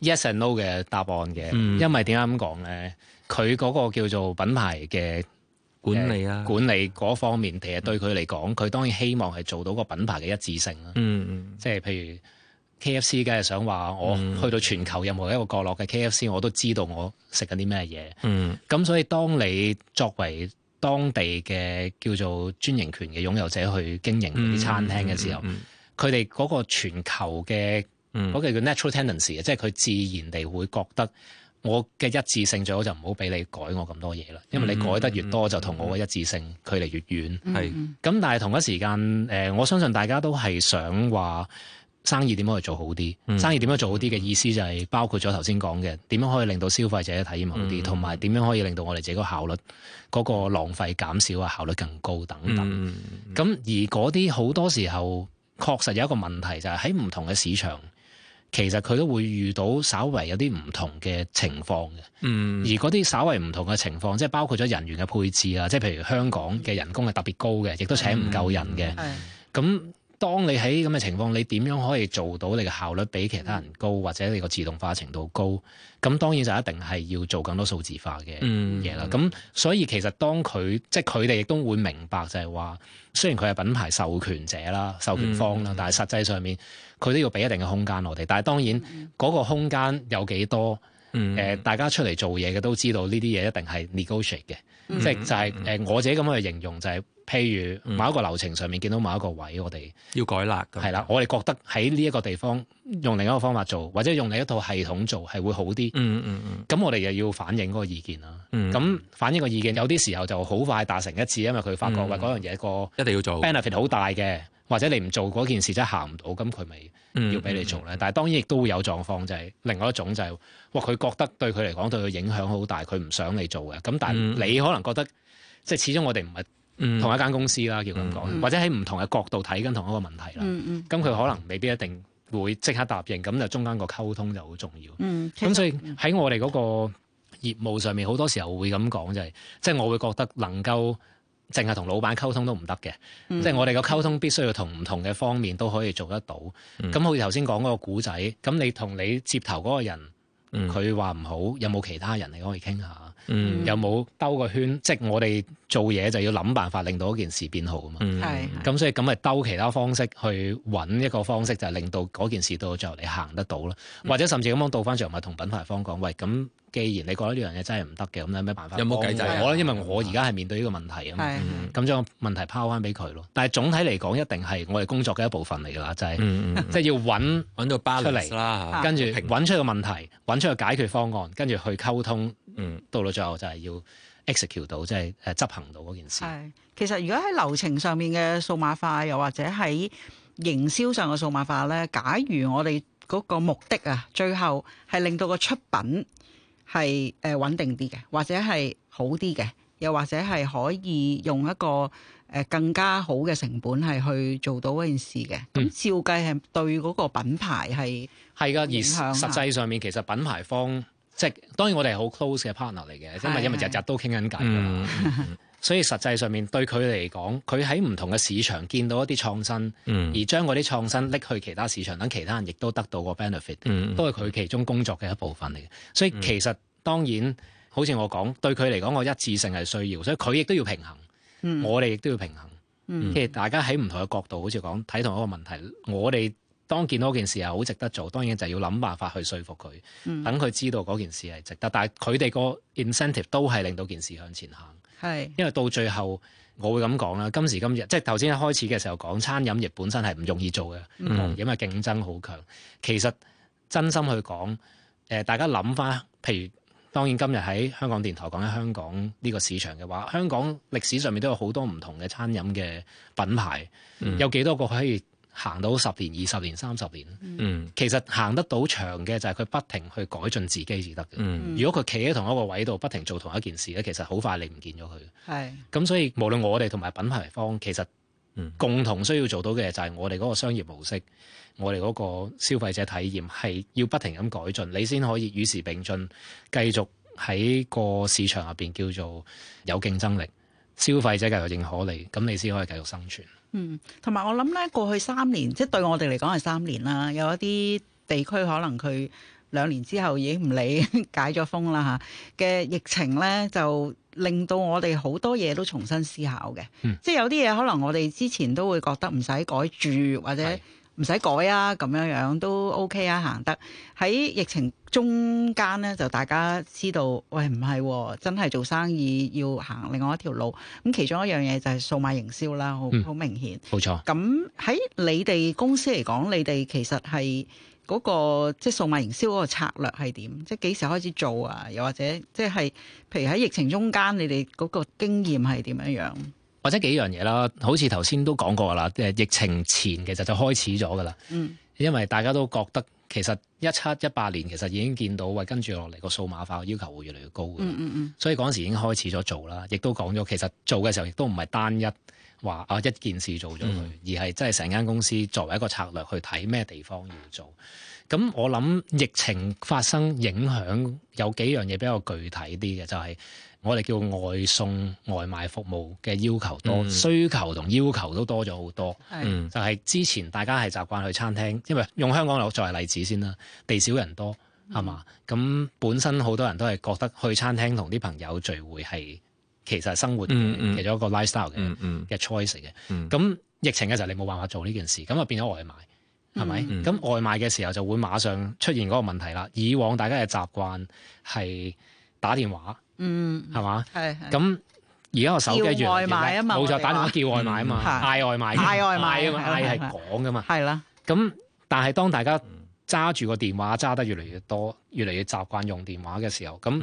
，yes and no 嘅答案嘅，因為點解咁講咧？佢嗰個叫做品牌嘅管理啊，管理嗰方面其實對佢嚟講，佢當然希望係做到個品牌嘅一致性啦。嗯嗯，即係譬如。K F C 梗係想話，我去到全球任何一個角落嘅 K F C，嗯、我都知道我食緊啲咩嘢。咁、嗯、所以，當你作為當地嘅叫做專營權嘅擁有者去經營啲餐廳嘅時候，佢哋嗰個全球嘅嗰個叫 natural tendency 即係佢自然地會覺得我嘅一致性最好就唔好俾你改我咁多嘢啦，嗯、因為你改得越多，就同我嘅一致性距離越遠。係咁、嗯，嗯嗯嗯、但係同一時間，誒、呃，我相信大家都係想話。生意點樣去做好啲？生意點樣做好啲嘅意思就係包括咗頭先講嘅，點樣可以令到消費者嘅體驗好啲，同埋點樣可以令到我哋自己個效率、嗰、嗰個浪費減少啊，效率更高等等。咁、嗯嗯、而嗰啲好多時候確實有一個問題，就係喺唔同嘅市場，其實佢都會遇到稍為有啲唔同嘅情況嘅。嗯，而嗰啲稍為唔同嘅情況，即係包括咗人員嘅配置啊，即係譬如香港嘅人工係特別高嘅，亦都請唔夠人嘅。咁、嗯。嗯嗯嗯當你喺咁嘅情況，你點樣可以做到你嘅效率比其他人高，或者你個自動化程度高？咁當然就一定係要做更多數字化嘅嘢啦。咁、嗯嗯、所以其實當佢即係佢哋亦都會明白就，就係話雖然佢係品牌授權者啦、授權方啦，嗯嗯、但係實際上面佢都要俾一定嘅空間我哋。但係當然嗰個空間有幾多？誒、呃，嗯、大家出嚟做嘢嘅都知道，呢啲嘢一定係 negotiate 嘅，即係、嗯嗯、就係誒我自己咁樣去形容就係、是。譬如某一個流程上面見到某一個位，我哋要改啦係啦。的我哋覺得喺呢一個地方用另一個方法做，或者用另一套系統做係會好啲、嗯。嗯嗯嗯。咁我哋又要反映嗰個意見啦。嗯。咁反映個意見有啲時候就好快達成一致，因為佢發覺喂，嗰樣嘢個一定要做 benefit 好大嘅，或者你唔做嗰件事真係行唔到，咁佢咪要俾你做咧。嗯嗯、但係當然亦都會有狀況，就係、是、另外一種就係、是、哇，佢覺得對佢嚟講對佢影響好大，佢唔想你做嘅。咁但係你可能覺得即係、就是、始終我哋唔係。同一間公司啦，叫咁講，嗯、或者喺唔同嘅角度睇緊同一個問題啦，咁佢、嗯嗯、可能未必一定會即刻答應，咁就、嗯、中間個溝通就好重要。咁、嗯、所以喺我哋嗰個業務上面，好多時候會咁講、就係，就係即係我會覺得能夠淨係同老闆溝通都唔得嘅，即係、嗯、我哋個溝通必須要同唔同嘅方面都可以做得到。咁、嗯、好似頭先講嗰個古仔，咁你同你接頭嗰個人佢話唔好，有冇其他人你可以傾下？嗯，有冇兜個圈？即係我哋做嘢就要諗辦法令到件事變好啊嘛。係。咁所以咁咪兜其他方式去揾一個方式，就係令到嗰件事到最後你行得到咯。或者甚至咁樣倒翻著，咪同品牌方講：喂，咁既然你覺得呢樣嘢真係唔得嘅，咁有咩辦法有冇幫我咧？因為我而家係面對呢個問題啊嘛。」咁將個問題拋翻俾佢咯。但係總體嚟講，一定係我哋工作嘅一部分嚟㗎喇，就係即係要揾揾到 balance 啦。跟住揾出個問題，揾出個解決方案，跟住去溝通。嗯，到到最後就係要 execute 到，即係誒執行到嗰件事。係，其實如果喺流程上面嘅數碼化，又或者喺營銷上嘅數碼化咧，假如我哋嗰個目的啊，最後係令到個出品係誒穩定啲嘅，或者係好啲嘅，又或者係可以用一個誒更加好嘅成本係去做到嗰件事嘅，咁、嗯、照計係對嗰個品牌係係㗎，而實際上面是其實品牌方。即係當然我，我哋係好 close 嘅 partner 嚟嘅，因為因為日日都傾緊偈啦。嗯、所以實際上面 對佢嚟講，佢喺唔同嘅市場見到一啲創新，嗯、而將嗰啲創新拎去其他市場，等其他人亦都得到個 benefit，嗯、都係佢其中工作嘅一部分嚟嘅。所以其實、嗯、當然，好似我講，對佢嚟講，我一致性係需要，所以佢亦都要平衡，嗯、我哋亦都要平衡，即係、嗯、大家喺唔同嘅角度，好似講睇同一個問題，我哋。當見到件事係好值得做，當然就要諗辦法去說服佢，等佢、嗯、知道嗰件事係值得。但係佢哋個 incentive 都係令到件事向前行。係是因為到最後，我會咁講啦。今時今日，即係頭先一開始嘅時候講，餐飲業本身係唔容易做嘅，嗯、因為競爭好強。其實真心去講，誒、呃、大家諗返，譬如當然今日喺香港電台講緊香港呢個市場嘅話，香港歷史上面都有好多唔同嘅餐飲嘅品牌，嗯、有幾多個可以？行到十年、二十年、三十年，嗯、其實行得到長嘅就係佢不停去改進自己至得嘅。嗯、如果佢企喺同一個位度，不停做同一件事咧，其實好快你唔見咗佢。係咁是，所以無論我哋同埋品牌方，其實共同需要做到嘅就係我哋嗰個商業模式，我哋嗰個消費者體驗係要不停咁改進，你先可以與時並進，繼續喺個市場入邊叫做有競爭力，消費者繼續認可你，咁你先可以繼續生存。嗯，同埋我諗咧，過去三年即係對我哋嚟講係三年啦，有一啲地區可能佢兩年之後已經唔理 解咗封啦吓嘅疫情咧，就令到我哋好多嘢都重新思考嘅。嗯、即係有啲嘢可能我哋之前都會覺得唔使改住或者。唔使改啊，咁樣樣都 OK 啊，行得。喺疫情中間咧，就大家知道，喂，唔係、啊、真係做生意要行另外一條路。咁其中一樣嘢就係數碼營銷啦，好好、嗯、明顯。冇錯錯。咁喺你哋公司嚟講，你哋其實係嗰個即係數碼營銷嗰個策略係點？即係幾時開始做啊？又或者即係譬如喺疫情中間，你哋嗰個經驗係點樣樣？或者幾樣嘢啦，好似頭先都講過啦。誒，疫情前其實就開始咗噶啦，嗯、因為大家都覺得其實一七一八年其實已經見到，話跟住落嚟個數碼化嘅要求會越嚟越高嘅，嗯嗯嗯，所以嗰時已經開始咗做啦。亦都講咗，其實做嘅時候亦都唔係單一話啊一件事做咗佢，嗯、而係真係成間公司作為一個策略去睇咩地方要做。咁我諗疫情發生影響有幾樣嘢比較具體啲嘅，就係、是。我哋叫外送外賣服務嘅要求多，mm hmm. 需求同要求都多咗好多。Mm hmm. 就係之前大家係習慣去餐廳，因為用香港嚟作為例子先啦，地少人多係嘛。咁、mm hmm. 本身好多人都係覺得去餐廳同啲朋友聚會係其實生活、mm hmm. 其中一個 lifestyle 嘅 choice 嚟嘅。咁、mm hmm. 疫情嘅時候，你冇辦法做呢件事，咁啊變咗外賣係咪？咁、mm hmm. 外賣嘅時候就會馬上出現嗰個問題啦。以往大家嘅習慣係打電話。嗯，係嘛？係。咁而家個手機用嘅咧，冇錯，打電話叫外賣啊嘛，嗌外賣，嗌外賣啊嘛，嗌係講噶嘛。係啦。咁但係當大家揸住個電話揸得越嚟越多，越嚟越習慣用電話嘅時候，咁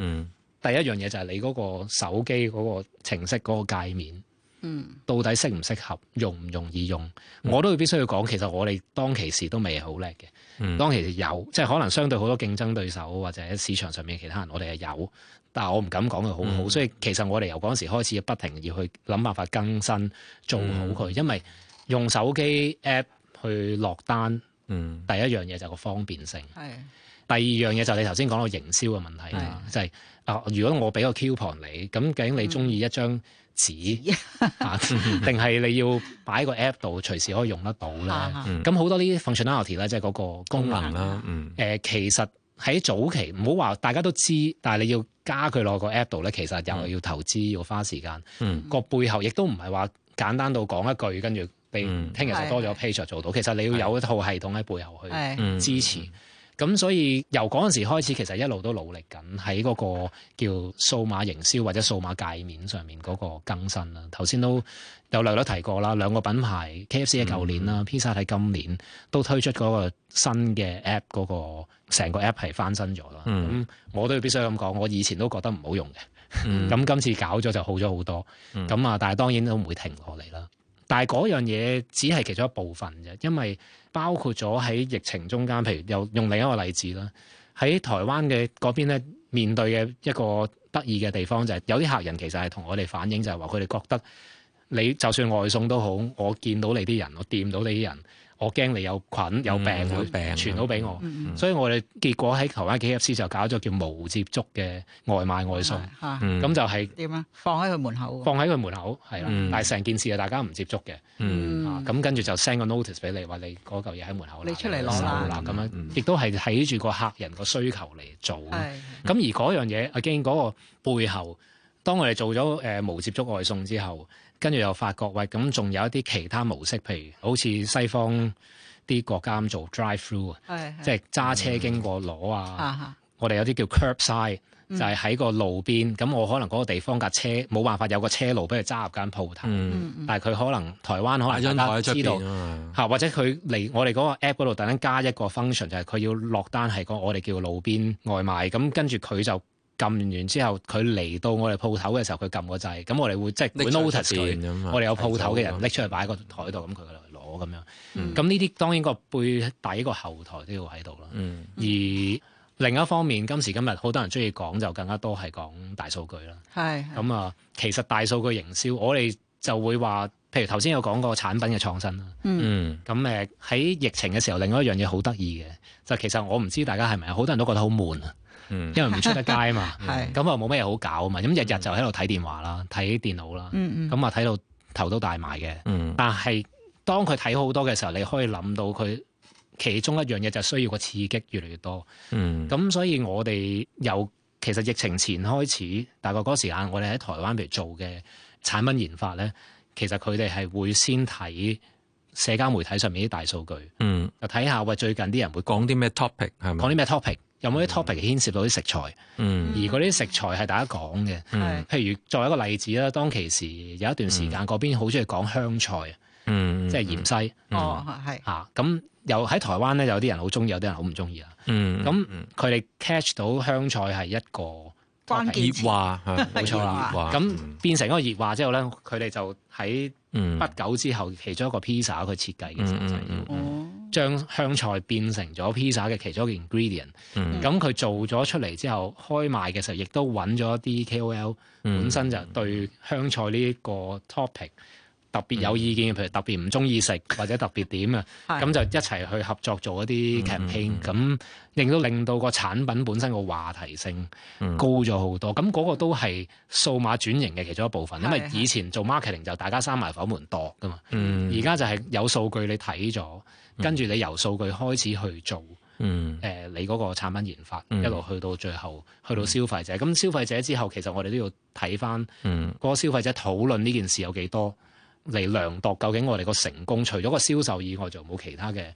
第一樣嘢就係你嗰個手機嗰個程式嗰個界面，嗯，到底適唔適合，容唔容易用？我都必須要講，其實我哋當其時都未好叻嘅。當其時有，即係可能相對好多競爭對手或者喺市場上面其他人，我哋係有。但係我唔敢講佢好好，所以其實我哋由嗰陣時開始不停要去諗辦法更新做好佢，因為用手機 app 去落單，嗯，第一樣嘢就係個方便性，係第二樣嘢就你頭先講到營銷嘅問題，啦，就係啊，如果我俾個 coupon 你，咁究竟你中意一張紙定係你要擺個 app 度隨時可以用得到啦，咁好多啲 functionality 咧，即係嗰個功能啦，誒，其實喺早期唔好話大家都知，但係你要。加佢落個 app 度咧，其實又要投資，要花時間。個、嗯、背後亦都唔係話簡單到講一句，跟住俾聽日就多咗 page 做到。的其實你要有一套系統喺背後去支持。咁所以由嗰陣時開始，其實一路都努力緊喺嗰個叫數碼營銷或者數碼界面上面嗰個更新啦。頭先都。有略略提過啦，兩個品牌 K F C 嘅舊年啦、嗯、Pizza 披薩喺今年都推出嗰個新嘅 app 嗰、那個成個 app 係翻新咗啦。咁、嗯、我都必須咁講，我以前都覺得唔好用嘅，咁、嗯、 今次搞咗就好咗好多。咁啊、嗯，但係當然都唔會停落嚟啦。但係嗰樣嘢只係其中一部分啫，因為包括咗喺疫情中間，譬如又用另一個例子啦，喺台灣嘅嗰邊咧面對嘅一個得意嘅地方就係、是、有啲客人其實係同我哋反映就係話佢哋覺得。你就算外送都好，我見到你啲人，我掂到你啲人，我驚你有菌有病會病傳到俾我，所以我哋結果喺台灣 KFC 就搞咗叫無接觸嘅外賣外送，咁就係點啊？放喺佢門口，放喺佢門口係啦，但係成件事啊，大家唔接觸嘅，咁跟住就 send 個 notice 俾你，話你嗰嚿嘢喺門口，你出嚟攞啦，咁樣亦都係睇住個客人個需求嚟做。咁而嗰樣嘢，阿經嗰個背後，當我哋做咗誒無接觸外送之後。跟住又發覺，喂，咁仲有一啲其他模式，譬如好似西方啲國家做 drive through 啊，是即係揸車經過攞啊。是是是我哋有啲叫 curbside，< 是是 S 1> 就係喺個路邊。咁、嗯、我可能嗰個地方架車冇辦法有個車路俾佢揸入間鋪頭，嗯、但係佢可能台灣可能、啊、我突然間知道嚇，或者佢嚟我哋嗰個 app 度突然間加一個 function，就係佢要落單係個我哋叫路邊外賣。咁跟住佢就。撳完之後，佢嚟到我哋鋪頭嘅時候，佢撳個掣，咁我哋會即係 notice。 我哋有鋪頭嘅人拎出嚟擺個台度，咁佢攞咁樣。咁呢啲當然個背底個後台都要喺度啦。嗯、而另一方面，今時今日好多人中意講就更加多係講大數據啦。係的。咁啊，其實大數據營銷，我哋就會話，譬如頭先有講過產品嘅創新啦。咁誒喺疫情嘅時候，另外一樣嘢好得意嘅，就其實我唔知大家係咪，好多人都覺得好悶啊。因為唔出得街啊嘛，係咁啊，冇咩嘢好搞啊嘛，咁日日就喺度睇電話啦，睇電腦啦，咁啊睇到頭都大埋嘅。嗯，但係當佢睇好多嘅時候，你可以諗到佢其中一樣嘢就需要個刺激越嚟越多。嗯，咁所以我哋由其實疫情前開始，大概嗰時間我哋喺台灣譬如做嘅產品研發咧，其實佢哋係會先睇社交媒體上面啲大數據。嗯，就睇下喂，最近啲人會講啲咩 topic 係咪？講啲咩 topic？有冇啲 topic 牽涉到啲食材？嗯，而嗰啲食材係大家講嘅。嗯，譬如作為一個例子啦，當其時有一段時間嗰邊好中意講香菜啊，嗯，即係芫茜。哦，係。嚇，咁又喺台灣咧有啲人好中意，有啲人好唔中意啦。嗯，咁佢哋 catch 到香菜係一個關鍵詞，熱話冇錯啦。咁變成一個熱話之後咧，佢哋就喺不久之後其中一個 pizza 佢設計嘅時候，將香菜變成咗 pizza 嘅其中一個 ingredient，咁佢做咗出嚟之後，開賣嘅時候亦都揾咗一啲 KOL，嗯、本身就對香菜呢一個 topic 特別有意見，嗯、譬如特別唔中意食或者特別點啊，咁 的就一齊去合作做一啲 campaign，咁令，嗯、到令到個產品本身個話題性高咗好多。咁嗰，嗯、個都係數碼轉型嘅其中一部分。嗯，因為，以前做 marketing 就大家閂埋房門度㗎嘛，而家就係有數據你睇咗。跟住你由數據開始去做，誒、嗯呃、你嗰個產品研發，嗯、一路去到最後，去到消費者。咁、嗯、消費者之後，其實我哋都要睇翻個消費者討論呢件事有幾多嚟量度，究竟我哋個成功除咗個銷售以外，仲有冇其他嘅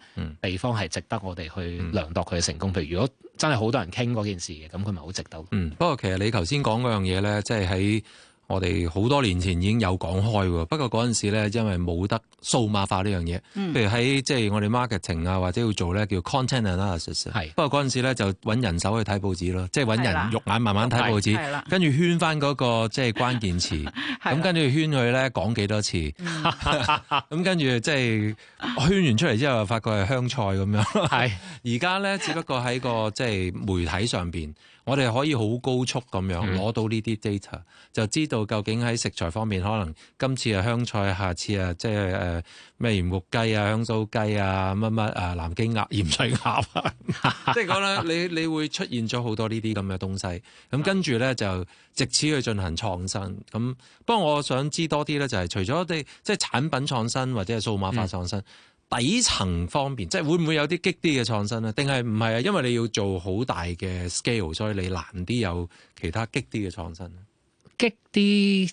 地方係值得我哋去量度佢嘅成功。譬如如果真係好多人傾嗰件事嘅，咁佢咪好值得。嗯，不過其實你頭先講嗰樣嘢呢，即係喺。我哋好多年前已經有講開喎，不過嗰陣時咧，因為冇得數碼化呢樣嘢，譬、嗯、如喺即係我哋 marketing 啊，或者要做咧叫 content analysis 是。係。不過嗰陣時咧就揾人手去睇報紙咯，即係揾人肉眼慢慢睇報紙，跟住的圈翻嗰、那個即係、就是、關鍵詞，咁跟住圈佢咧講幾多次，咁跟住即係圈完出嚟之後，發覺係香菜咁樣。係。而家咧只不過喺、那個即係、就是、媒體上邊。我哋可以好高速咁樣攞到呢啲 data，嗯，就知道究竟喺食材方面可能今次係香菜，下次啊即係誒咩鹽焗雞啊、香酥雞啊、乜乜啊、南京鴨、鹽水鴨啊，即係講咧，你你會出現咗好多呢啲咁嘅東西。咁跟住咧就藉此去進行創新。咁不過我想知多啲咧，就係除咗啲即係產品創新或者係數碼化創新。嗯底層方面，即係會唔會有啲激啲嘅創新咧、啊？定係唔係啊？因為你要做好大嘅 scale，所以你難啲有其他激啲嘅創新、啊。激啲，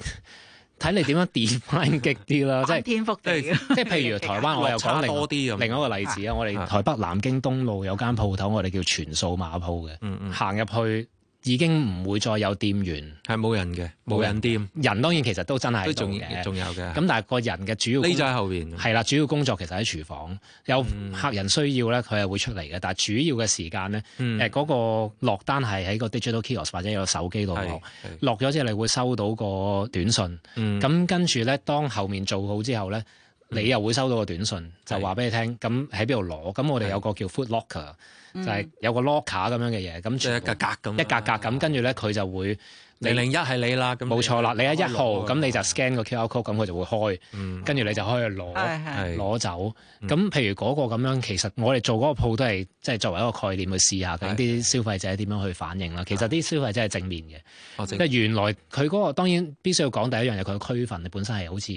睇你點樣 define 激啲啦，即係、 就是、翻天覆地 即係譬如台灣，我又差零多啲咁。另一個例子啊，我哋台北南京東路有間鋪頭，我哋叫全數碼鋪嘅，行入、嗯嗯、去。已經唔會再有店員，係冇人嘅，冇人店。人，人當然其實都真係都仲仲有嘅。咁但係個人嘅主要呢就喺後邊。係啦，主要工作其實喺廚房。嗯、有客人需要咧，佢係會出嚟嘅。但係主要嘅時間咧，誒嗰、嗯呃嗰個落單係喺個 Digital Kiosk 或者有個手機度落。落咗之後，你會收到個短信。咁、嗯嗯、跟住咧，當後面做好之後咧。你又會收到個短信，就話俾你聽，咁喺邊度攞？咁我哋有個叫 food locker，< 是的 S 1> 就係有個 locker 咁樣嘅嘢，咁住一格格咁，一格格咁，跟住咧佢就會。零零一係你啦，咁冇錯啦，你喺一號，咁你就 scan 個 QR code，咁佢就會開，跟住你就可以攞攞走。咁譬如嗰個咁樣，其實我哋做嗰個鋪都係即係作為一個概念去試下，等啲消費者點樣去反應啦。其實啲消費者係正面嘅，即係原來佢嗰個當然必須要講第一樣嘢，佢區分本身係好似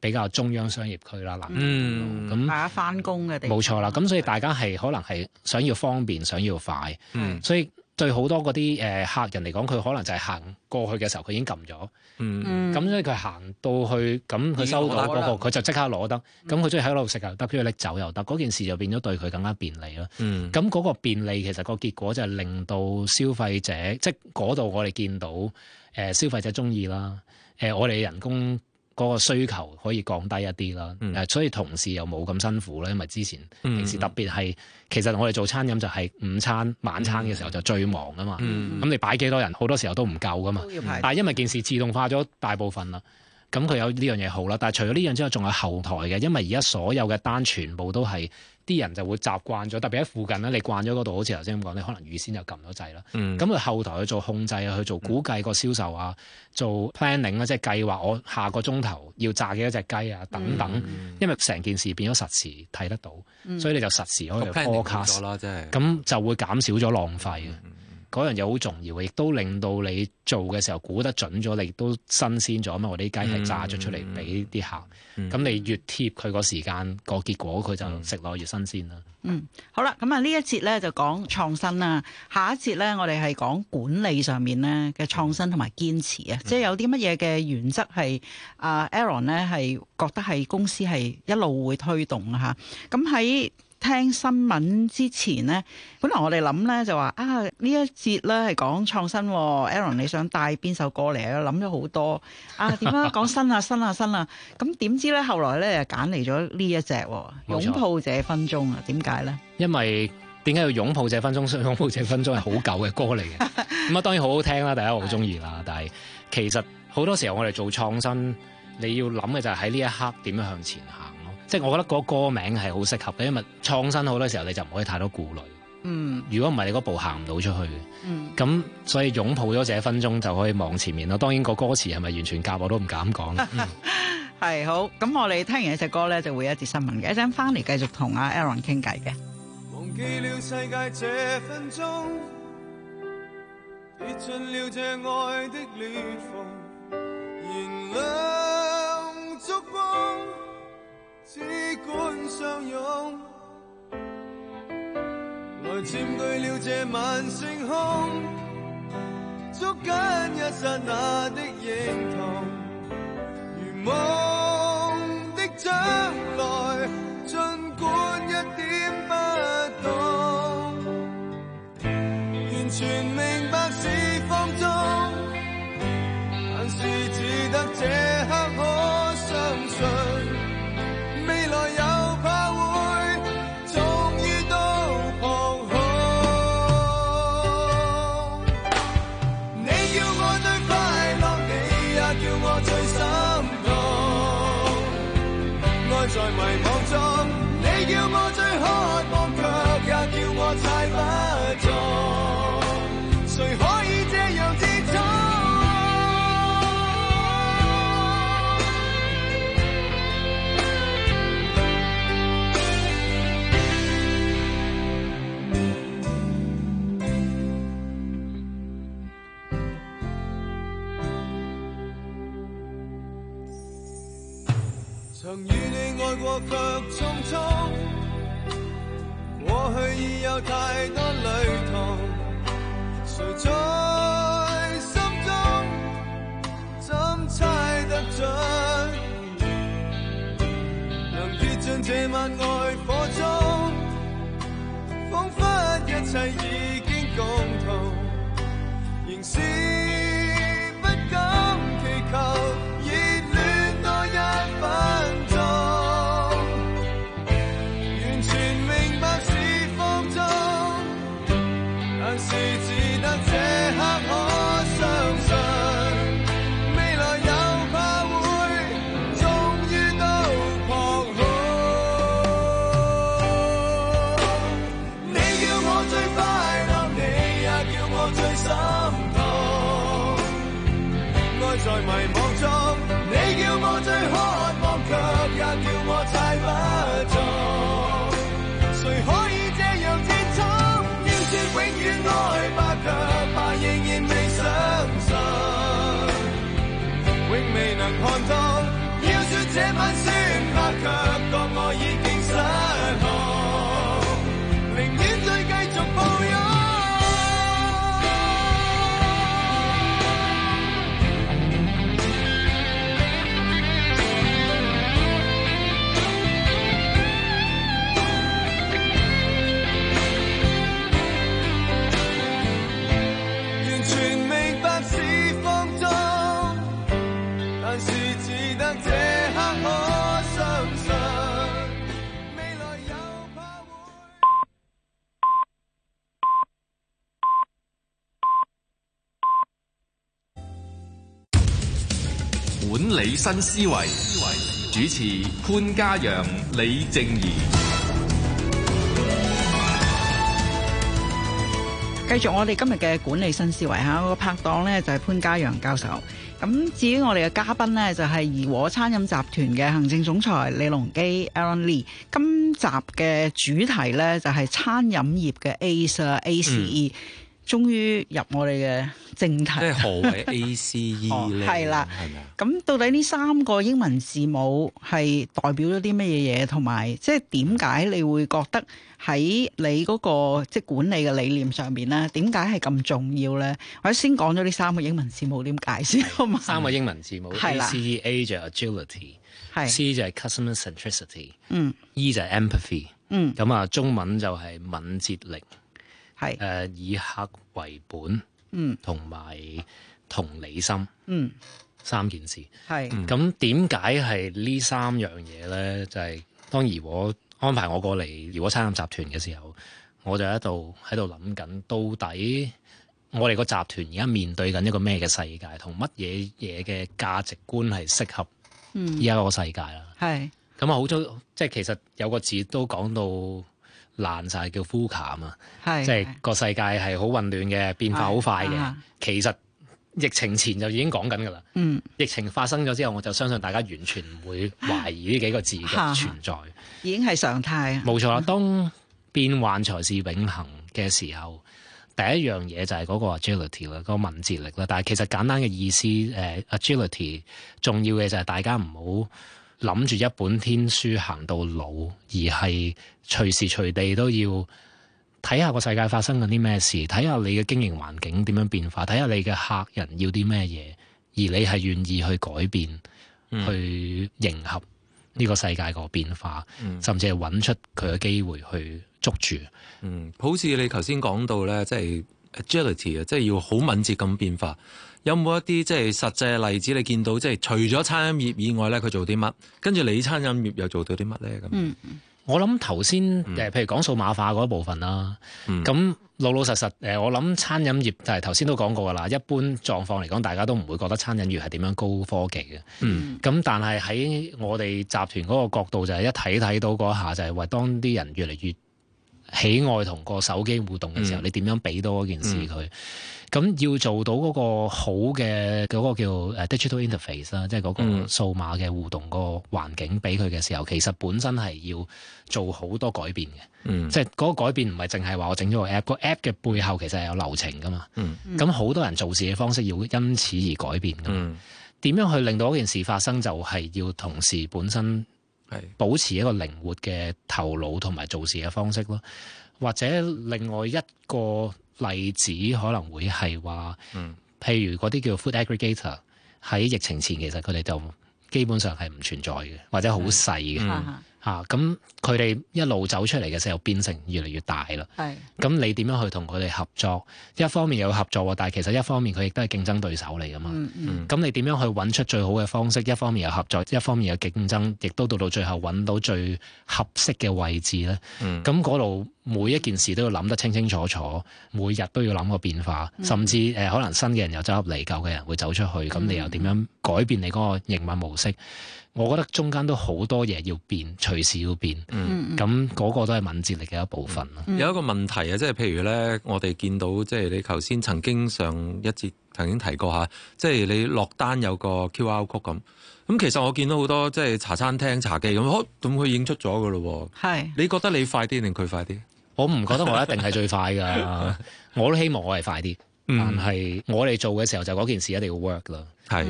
比較中央商業區啦，南邊咁，大家返工嘅地方。冇錯啦，咁所以大家係可能係想要方便，想要快，所以。對好多嗰啲誒客人嚟講，佢可能就係行過去嘅時候，佢已經撳咗。嗯，咁所以佢行到去，咁佢收到嗰個，佢就即刻攞得。咁佢中意喺度食又得，佢要拎走又得。嗰件事就變咗對佢更加便利咯。嗯，咁嗰個便利其實個結果就係令到消費者，嗯、即係嗰度我哋見到誒消費者中意啦。誒，我哋嘅人工。嗰個需求可以降低一啲啦，誒、嗯，所以同事又冇咁辛苦啦。因為之前平時特別係、嗯、其實我哋做餐飲就係午餐晚餐嘅時候就最忙㗎嘛，咁、嗯嗯、你擺幾多人好多時候都唔夠㗎嘛，的但係因為件事自動化咗大部分啦，咁佢有呢樣嘢好啦，但係除咗呢樣之外，仲有後台嘅，因為而家所有嘅單全部都係。啲人就會習慣咗，特別喺附近咧，你慣咗嗰度，好似頭先咁講，你可能預先就撳咗掣啦。咁佢、嗯、後台去做控制啊，去做估計個銷售啊，嗯、做 planning 啊，即係計劃我下個鐘頭要炸幾多隻雞啊等等。嗯、因為成件事變咗實時睇得到，所以你就實時可以 forecast、嗯、啦，即係咁就會減少咗浪費、嗯嗯嗰樣嘢好重要嘅，亦都令到你做嘅時候估得準咗，你亦都新鮮咗嘛？我哋啲雞係炸咗出嚟俾啲客，咁、mm hmm. 你越貼佢個時間、個結果，佢就食落越新鮮啦。嗯、mm，hmm. 好啦，咁啊呢一節咧就講創新啦，下一節咧我哋係講管理上面咧嘅創新同埋堅持、mm hmm. 啊，即係有啲乜嘢嘅原則係啊 Aaron 咧係覺得係公司係一路會推動啊嚇，咁喺。聽新聞之前咧，本來我哋諗咧就話啊呢一節咧係講創新，Aaron 你想帶邊首歌嚟啊？諗咗好多啊，點樣講新啊新啊新啊？咁點、啊啊、知咧後來咧又揀嚟咗呢一隻擁錯抱這分鐘啊？點解咧？因為點解要擁抱這分鐘？擁抱這分鐘係好舊嘅歌嚟嘅，咁啊 當然好好聽啦，大家好中意啦。的但係其實好多時候我哋做創新，你要諗嘅就係喺呢一刻點樣向前行。即係我覺得嗰個歌名係好適合嘅，因為創新好多時候你就唔可以太多顧慮。嗯，如果唔係你嗰步行唔到出去嘅。咁、嗯、所以擁抱咗這分鐘就可以望前面咯。當然個歌詞係咪完全夾我都唔敢講。係、 嗯、 好，咁我哋聽完隻歌咧就會有一節新聞嘅，一陣翻嚟繼續同阿 Aaron 傾偈嘅。忘記了世界這分鐘盡了這愛的烈火。燃亮只管相擁，來佔據了這萬星空，捉緊一剎那的認同，如夢的將來盡。太多旅途，誰在心中怎猜得準？能遇進這萬愛火中，彷彿一切已經共同，仍是不敢祈求。新思維主持潘嘉陽、李靜宜，繼續我哋今日嘅管理新思維吓，我嘅拍檔咧就係潘嘉陽教授。咁至於我哋嘅嘉賓咧，就係、是、怡和餐飲集團嘅行政總裁李龍基 Alan Lee。今集嘅主題咧就係、是、餐飲業嘅 ACE。嗯終於入我哋嘅正題，即係何為 A、C、E 咧？係啦，咁吧到底呢三個英文字母係代表咗啲乜嘢嘢？同埋即係點解你會覺得喺你嗰個即係管理嘅理念上邊咧，點解係咁重要咧？或者先講咗呢三個英文字母點介紹啊，三個英文字母啦 A ility, 啦、C, c、er、ity, 嗯、E 就 Agility，C 就係 Customer Centricity，嗯，E 就係 Empathy，嗯，咁啊中文就係敏捷力。誒、呃，以客為本，嗯，同埋同理心，嗯，三件事，係是，咁點解係呢三樣嘢咧？就係、是，當怡和安排我過嚟，怡和餐飲集團嘅時候，我就喺度喺度諗緊，到底我哋個集團而家面對緊一個咩嘅世界，同乜嘢嘢嘅價值觀係適合，嗯，而家個世界啦，係、嗯，咁啊，好早，即係其實有個字都講到。爛晒叫 VUCA 嘛，即係個世界係好混亂嘅，是變化好快嘅。是其實疫情前就已經講緊㗎啦。嗯，疫情發生咗之後，我就相信大家完全唔會懷疑呢幾個字嘅存在。已經係常態啊！冇錯啦，當變幻才是永恆嘅時候，是第一樣嘢就係嗰個 agility 啦，個敏捷力啦。但係其實簡單嘅意思，誒、呃、agility 重要嘅就係大家唔好諗住一本天書行到老，而係隨時隨地都要睇下個世界發生緊啲咩事，睇下你嘅經營環境點樣變化，睇下你嘅客人要啲咩嘢，而你係願意去改變，嗯、去迎合呢個世界個變化，嗯、甚至係揾出佢嘅機會去捉住。嗯，好似你頭先講到咧，即係 agility 啊，即係要好敏捷咁變化。有冇一啲即係實際嘅例子？你見到即係除咗餐飲業以外咧，佢做啲乜？跟住你餐飲業又做到啲乜咧？咁、嗯，我諗頭先譬如講數碼化嗰一部分啦。咁、嗯、老老實實誒，我諗餐飲業就係頭先都講過噶啦。一般狀況嚟講，大家都唔會覺得餐飲業係點樣高科技嘅。咁、嗯嗯、但係喺我哋集團嗰個角度就係、是、一睇睇到嗰下就係話，當啲人越嚟越喜愛同個手機互動嘅時候，嗯、你點樣俾多一件事佢？嗯咁要做到嗰個好嘅嗰個叫誒 digital interface 啦，即係嗰個數碼嘅互動個環境俾佢嘅時候，其實本身係要做好多改變嘅，嗯，即係嗰個改變唔係淨係話我整咗個 app，個 app 嘅背後其實係有流程噶嘛。嗯，咁好多人做事嘅方式要因此而改變噶嘛。嗯，點樣去令到件事發生，就係要同時本身係保持一個靈活嘅頭腦同埋做事嘅方式咯，或者另外一個。例子可能會係話，譬如嗰啲叫 food aggregator 喺疫情前，其實佢哋就基本上係唔存在嘅，或者好細嘅。嗯嗯啊，咁佢哋一路走出嚟嘅時候，變成越嚟越大啦。咁係你點樣去同佢哋合作？一方面有合作，但係其實一方面佢亦都係競爭對手嚟噶嘛。咁、嗯嗯、你點樣去揾出最好嘅方式？一方面有合作，一方面有競爭，亦都到到最後揾到最合適嘅位置咧。咁嗰度每一件事都要諗得清清楚楚，每日都要諗個變化，甚至誒、呃、可能新嘅人又走入嚟，舊嘅人會走出去，咁你又點樣改變你嗰個營運模式？我覺得中間都好多嘢要變，隨時要變。咁嗰、嗯、個都係敏捷力嘅一部分。有一個問題啊，即係譬如咧，我哋見到即係你頭先曾經上一節曾經提過嚇，即係你落單有個 QR code 咁。咁其實我見到好多即係茶餐廳茶記咁，可咁佢已經出咗㗎咯喎。是你覺得你快啲定佢快啲？我唔覺得我一定係最快㗎， 我都希望我係快啲。但係我哋做嘅時候就嗰件事一定要 work 咯，係是，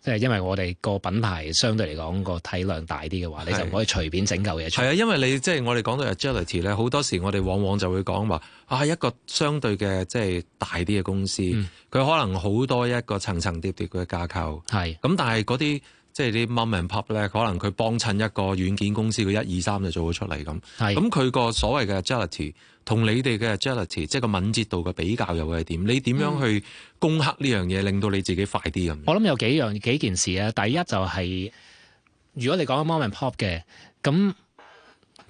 即係因為我哋個品牌相對嚟講個體量大啲嘅話，是你就唔可以隨便整嚿嘢出嚟。係啊，因為你即係、就是、我哋講到 agility 咧，好多時我哋往往就會講話啊一個相對嘅即係大啲嘅公司，佢、嗯、可能好多一個層層疊疊嘅架構。係是，咁但係嗰啲。即係啲 mom and pop 咧，可能佢幫襯一個軟件公司，佢一二三就做咗出嚟咁。咁是，佢個所謂嘅 agility 同你哋嘅 agility，即係個敏捷度嘅比較，又係點？你點樣去攻克呢樣嘢，令到你自己快啲咁？我諗有幾樣幾件事啊。第一就係、是，如果你講 mom and pop 嘅，咁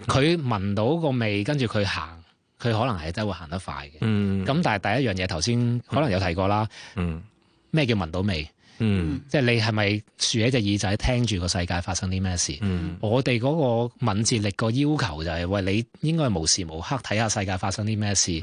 佢聞到個味，跟住佢行，佢可能係真係會行得快嘅。嗯。咁但係第一樣嘢頭先可能有提過啦。咩、嗯、叫聞到味？嗯，即係你係咪豎起隻耳仔聽住個世界發生啲咩事？嗯、我哋嗰個敏捷力個要求就係、是、喂，你應該無時無刻睇下世界發生啲咩事，啲、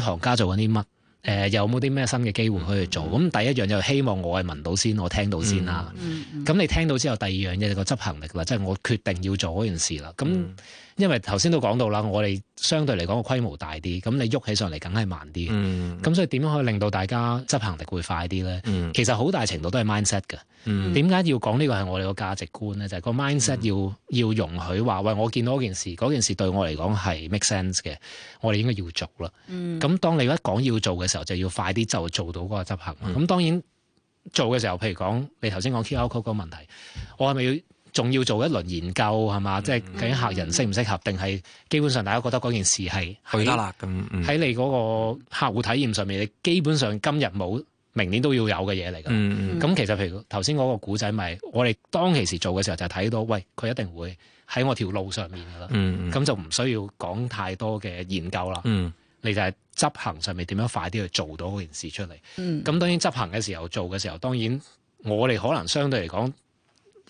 嗯、行家做緊啲乜？誒、呃，有冇啲咩新嘅機會可以做？咁、嗯、第一樣就希望我係聞到先，我聽到先啦。咁、嗯嗯、你聽到之後，第二樣嘢個執行力啦，即、就、係、是、我決定要做嗰件事啦。咁。嗯嗯因為頭先都講到啦，我哋相對嚟講個規模大啲，咁你喐起上嚟梗係慢啲。咁、嗯、所以點樣可以令到大家執行力會快啲呢？嗯、其實好大程度都係 mindset 嘅。點解、嗯、要講呢個係我哋個價值觀呢？就係、是、個 mindset 要、嗯、要容許話，喂，我見到嗰件事，嗰件事對我嚟講係 make sense 嘅，我哋應該要做啦。咁、嗯、當你一講要做嘅時候，就要快啲就做到嗰個執行。咁、嗯、當然做嘅時候，譬如講你頭先講 QR code 嗰個問題，嗯、我係咪要？仲要做一輪研究係嘛？嗯、即係究竟客人適唔適合，定係基本上大家覺得嗰件事係佢得啦。咁喺、嗯、你嗰個客戶體驗上面，你基本上今日冇，明年都要有嘅嘢嚟㗎。咁、嗯嗯、其實譬如頭先嗰個古仔咪，我哋當其時做嘅時候就睇到，喂，佢一定會喺我條路上面㗎啦。咁、嗯嗯、就唔需要講太多嘅研究啦。嗯、你就係執行上面點樣快啲去做到嗰件事出嚟。咁、嗯、當然執行嘅時候做嘅時候，當然我哋可能相對嚟講。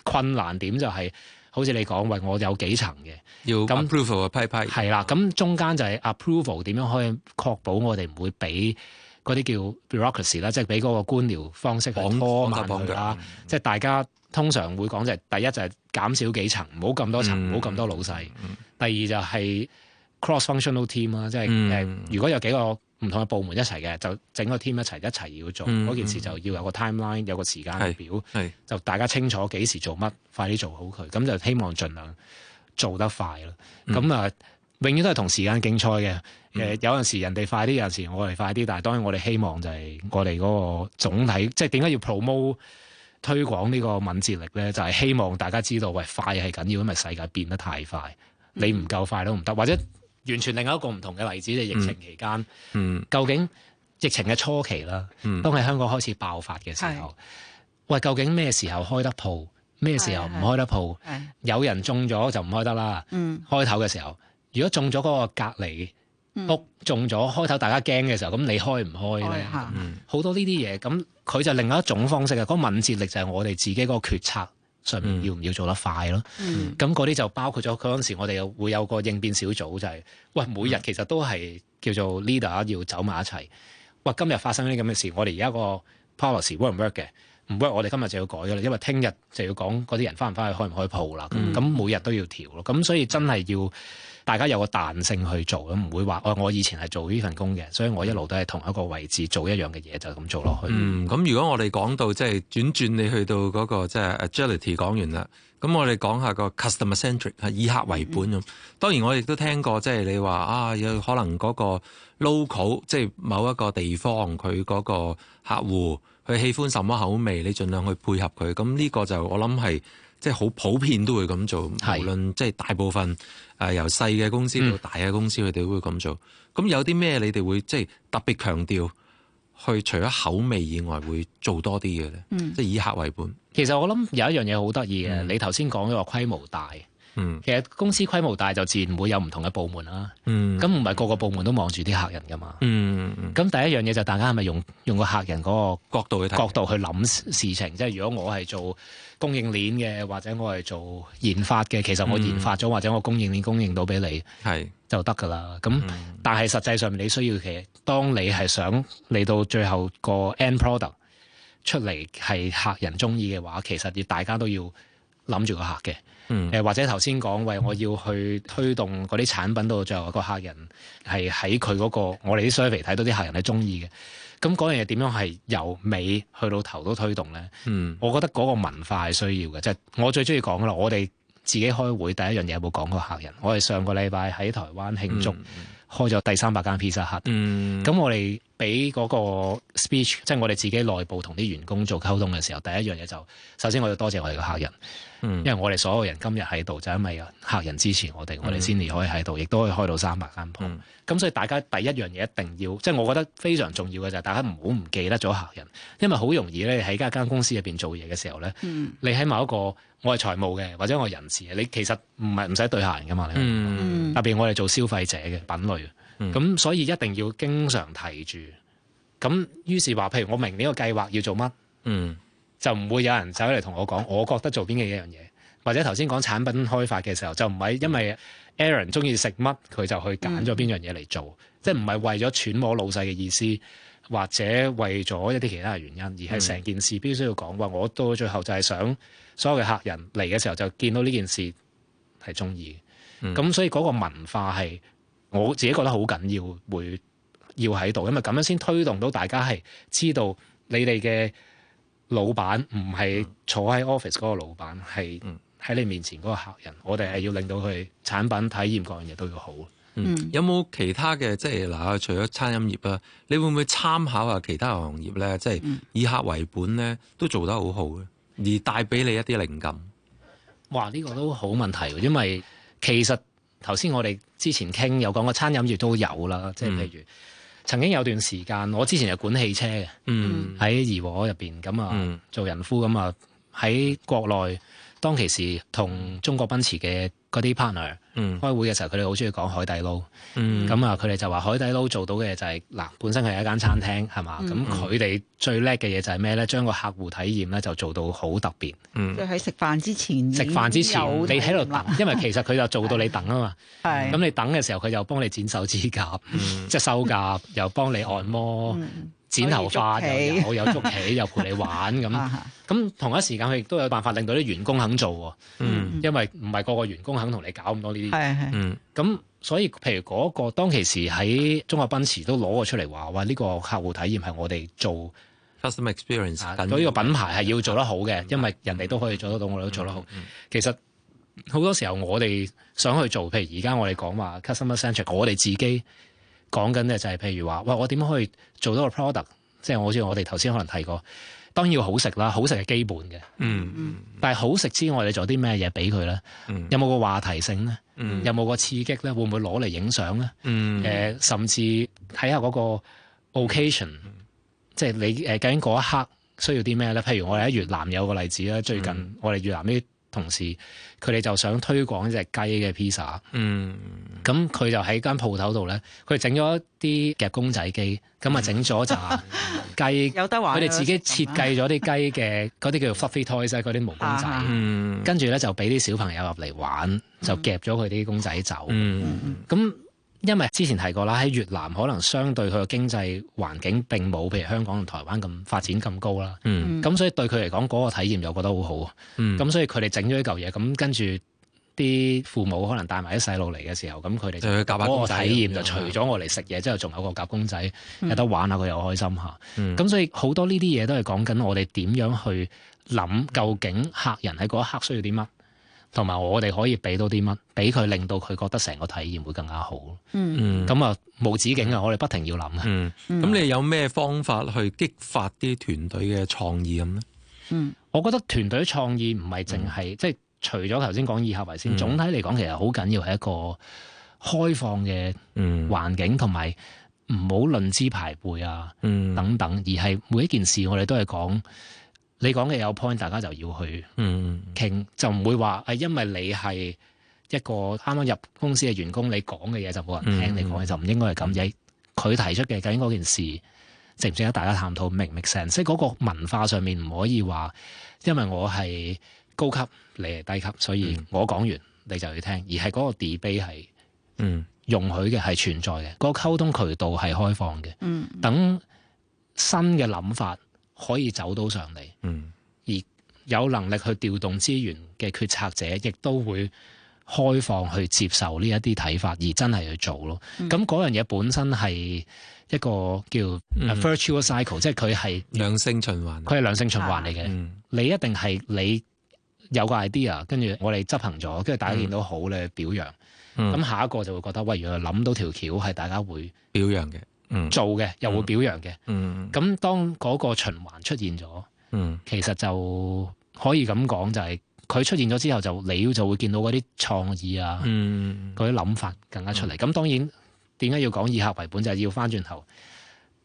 困難點就係、是，好似你講，喂，我有幾層嘅，要 approval 嘅批批那，係啦，咁 中間就係 approval 點樣可以確保我哋唔會俾嗰啲叫 bureaucracy 啦，即係俾嗰個官僚方式去拖咁。 即係大家通常會講就係、是、第一就係減少幾層，唔好咁多層，唔好咁、嗯、多老細。嗯、第二就係 cross-functional team 啦，te am, 即係誒，嗯、如果有幾個。唔同嘅部門一齊嘅，就整個 team 一齊一齊要做嗰、嗯、件事，就要有個 timeline，、嗯、有個時間表，就大家清楚幾時做乜，快啲做好佢。咁就希望盡量做得快啦。咁啊、嗯，永遠都係同時間競賽嘅、嗯呃。有陣時人哋快啲，有陣時我哋快啲，但係當然我哋希望就係我哋嗰個總體，即係點解要 promote 推廣呢個敏捷力呢？就係、是、希望大家知道，喂，快係緊要，因為世界變得太快，你唔夠快都唔得，或者。完全另外一個唔同嘅例子，就係、是、疫情期間。嗯，究竟疫情嘅初期啦，嗯、當係香港開始爆發嘅時候，喂的，究竟咩時候開得鋪，咩時候唔開得鋪？有人中咗就唔開得啦。嗯、開頭嘅時候，如果中咗嗰個隔離屋中咗，開頭大家驚嘅時候，咁你開唔開咧？好的、嗯、多呢啲嘢，咁佢就另外一種方式嘅。嗰、那個、敏捷力就係我哋自己嗰個決策。要唔要做得快咯？咁嗰啲就包括咗嗰陣時我，我哋會有個應變小組，就係、是、喂，每日其實都係叫做 leader 要走埋一齊。喂，今日發生啲咁嘅事，我哋而家個 policy work 唔 work 嘅？唔 work，我哋今日就要改咗啦。因為聽日就要講嗰啲人翻唔翻去開唔開鋪啦。咁、嗯、每日都要調咯。咁所以真係要。嗯大家有個彈性去做，咁唔會話，我我以前係做呢份工嘅，所以我一路都係同一個位置做一樣嘅嘢，就咁做落去。嗯，咁如果我哋講到即係、就是、轉轉你去到嗰、那個即係、就是、agility 講完啦，咁我哋講下個 customer centric 係以客為本咁。嗯、當然我亦都聽過即係、就是、你話啊，有可能嗰個 local 即係某一個地方佢嗰個客戶佢喜歡什麼口味，你儘量去配合佢。咁呢個就我諗係。即係好普遍都會咁做，無論即係大部分誒、呃、由細嘅公司到大嘅公司，佢哋、嗯、都會咁做。咁有啲咩你哋會即係特別強調去除咗口味以外，會做多啲嘅咧？嗯、即係以客為本。其實我諗有一樣嘢好得意嘅，嗯、你頭先講咗個規模大。嗯、其實公司規模大就自然會有唔同嘅部門啦。咁唔係個個部門都望住啲客人㗎嘛。咁、嗯嗯、第一樣嘢就大家係咪用用個客人嗰個角度去角度去諗事情？即係如果我係做。供應鏈嘅，或者我係做研發嘅，其實我研發咗、嗯、或者我供應鏈供應到俾你係是就得㗎啦。咁、嗯、但係實際上你需要其實，當你係想嚟到最後個 end product 出嚟係客人中意嘅話，其實要大家都要諗住個客嘅。誒、嗯、或者頭先講，喂，我要去推動嗰啲產品到最後個客人係喺佢嗰個，我哋啲 survey 睇到啲客人係中意嘅。咁嗰、嗯、樣嘢點樣係由尾去到頭都推動呢？嗯、我覺得嗰個文化係需要嘅，即、就、係、是、我最中意講啦。我哋自己開會第一樣嘢有冇講過個客人？我哋上個禮拜喺台灣慶祝、嗯、開咗第三百間 Pizza Hut，咁、嗯、我哋俾嗰個 speech，即係我哋自己內部同啲員工做溝通嘅時候，第一樣嘢就首先我要多謝,謝我哋個客人。因為我哋所有人今日喺度，就是、因為有客人支持我哋，嗯、我哋先至可以喺度，亦都可以開到三百間鋪。咁、嗯、所以大家第一樣嘢一定要，即、就、係、是、我覺得非常重要嘅就係大家唔好唔記得咗客人，因為好容易咧喺一間公司入邊做嘢嘅時候咧，嗯、你喺某一個，我係財務嘅，或者我人事啊，你其實唔係唔使對客人噶嘛，你、嗯、特別我哋做消費者嘅品類，咁、嗯、所以一定要經常提住。咁於是話，譬如我明呢個計劃要做乜？嗯。就唔會有人走嚟同我講，我覺得做邊嘅一樣嘢，或者頭先講產品開發嘅時候，就唔係因為 Aaron 中意食乜，佢就去揀咗邊樣嘢嚟做，嗯、即係唔係為咗揣摩老細嘅意思，或者為咗一啲其他嘅原因，而係成件事必須要講話。嗯、我到最後就係想所有嘅客人嚟嘅時候就見到呢件事係中意，咁、嗯、所以嗰個文化係我自己覺得好緊要，會要喺度，因為咁樣先推動到大家係知道你哋嘅。老闆唔係坐喺 office 嗰個老闆，係喺你面前嗰個客人。我哋係要令到佢產品體驗各樣嘢都要好。嗯、有冇其他嘅即係嗱，除咗餐飲業啊，你會唔會參考下其他行業咧？即係以客為本咧，都做得好好嘅，而帶俾你一啲靈感。哇！呢個都好問題，因為其實頭先我哋之前傾有講過餐飲業都有啦，即係譬如。嗯曾經有段時間，我之前係管汽車嘅，喺怡和、嗯、入邊咁啊，嗯、做人夫咁啊，喺國內。當其時同中國奔馳嘅嗰啲 partner 開會嘅時候，佢哋好中意講海底撈。咁啊，佢哋就話海底撈做到嘅就係，嗱本身係一間餐廳係嘛，咁佢哋最叻嘅嘢就係咩咧？將個客戶體驗咧就做到好特別。嗯，喺食飯之前，食飯之前你喺度等，因為其實佢就做到你等啊嘛。係，咁你等嘅時候，佢就幫你剪手指甲，即係修甲，又幫你按摩。剪頭髮又我有,有捉棋又陪你玩咁，咁、 啊、同一時間佢亦都有辦法令到啲員工肯做喎。嗯，因為唔係個個員工肯同你搞咁多呢啲。係係。嗯，咁、嗯、所以譬如嗰、那個當其時喺中國奔馳都攞咗出嚟話，喂呢、這個客戶體驗係我哋做 customer experience， 啊、做呢個品牌係要做得好嘅，嗯、因為人哋都可以做得到，我哋都做得好。嗯嗯、其實好多時候我哋想去做，譬如而家我哋講話 customer centric，我哋自己。講緊咧就係譬如話，喂，我點樣可以做到個 product？即係好似我哋頭先可能提過，當然要好食啦，好食係基本嘅、嗯。嗯嗯。但係好食之外，你做啲咩嘢俾佢咧？嗯、有冇個話題性咧？嗯、有冇個刺激咧？會唔會攞嚟影相咧？嗯、呃。甚至睇下嗰個 occasion、嗯、即係你誒、呃、究竟嗰一刻需要啲咩咧？譬如我哋喺越南有個例子啦，最近我哋越南呢啲、嗯、同事。佢哋就想推廣隻雞嘅披薩，嗯，咁佢就喺間鋪頭度咧，佢整咗一啲夾公仔機，咁啊整咗隻雞， 有得玩。佢哋自己設計咗啲雞嘅嗰啲叫做 fluffy toys 啊，嗰啲毛公仔，跟住咧就俾啲小朋友入嚟玩，就夾咗佢啲公仔走，咁。因為之前提過啦，喺越南可能相對佢嘅經濟環境並冇譬如香港同台灣咁發展咁高啦。咁、嗯、所以對佢嚟講嗰、嗰個體驗又覺得好好。咁、嗯、所以佢哋整咗一嚿嘢，咁跟住啲父母可能帶埋啲細路嚟嘅時候，咁佢哋嗰個體驗就除咗我嚟食嘢之後，仲有個夾公仔，有得、嗯、玩下，佢又開心嚇。咁、嗯、所以好多呢啲嘢都係講緊我哋點樣去諗，究竟客人喺嗰一刻需要點啊？同埋我哋可以俾到啲乜，俾佢令到佢覺得成個體驗會更加好。嗯，咁啊冇止境啊，我哋不停要諗啊。嗯，咁你有咩方法去激發啲團隊嘅創意咁咧？嗯，我覺得團隊創意唔係淨係即係除咗頭先講以客為先，嗯、總體嚟講其實好緊要係一個開放嘅環境，同埋唔好論資排輩啊，嗯、等等，而係每一件事我哋都係講。你講嘅有 point，大家就要去傾，嗯、就唔會話誒，因為你係一個啱啱入公司嘅員工，你講嘅嘢就冇人聽，嗯、你講嘅就唔應該係咁嘅。佢、嗯、提出嘅究竟嗰件事，值唔值得大家探討、make 唔 make sense。即係嗰個文化上面唔可以話，因為我係高級，你係低級，所以我講完你就去聽，而係嗰個 debate 係容許嘅，係、嗯、存在嘅，個溝通渠道係開放嘅，嗯、等新嘅諗法。可以走到上嚟，嗯、而有能力去調動資源嘅決策者，亦都會開放去接受呢一啲睇法，而真係去做咯。咁、嗯、樣嘢本身係一個叫 virtuous cycle，、嗯、即係佢係良性循環，佢係良性循環嚟嘅。嗯、你一定係你有個 idea，跟住我哋執行咗，跟住大家見到好咧，嗯、你去表揚，咁、嗯、下一個就會覺得，喂，原來諗到條橋，係大家會表揚嘅。做嘅又會表揚嘅，咁、嗯嗯、當嗰個循環出現咗，嗯、其實就可以咁講，就係佢出現咗之後，就你就會見到嗰啲創意啊，嗰啲諗法更加出嚟。咁、嗯、當然點解要講以客為本，就係、是、要翻轉頭，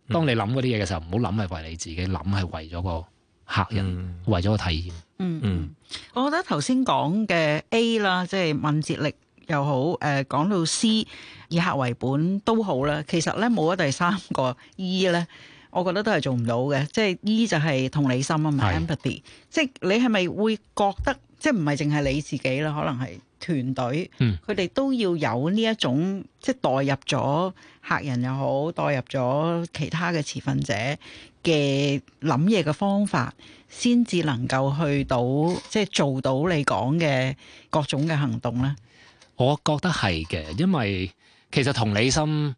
當你諗嗰啲嘢嘅時候，唔好諗係為你自己，諗係為咗個客人，嗯、為咗個體驗。嗯嗯，嗯我覺得頭先講嘅 A 啦，即係敏捷力。又好，誒、呃、講到 C 以客為本都好啦。其實咧冇咗第三個 E 咧，我覺得都係做唔到嘅。即係、e、E 就係同理心啊嘛，empathy。是 empathy，即係你係咪會覺得即係唔係淨係你自己啦？可能係團隊，佢哋、嗯、都要有呢一種即係代入咗客人又好，代入咗其他嘅持份者嘅諗嘢嘅方法，先至能夠去到即係做到你講嘅各種嘅行動咧。我覺得係嘅，因為其實同理心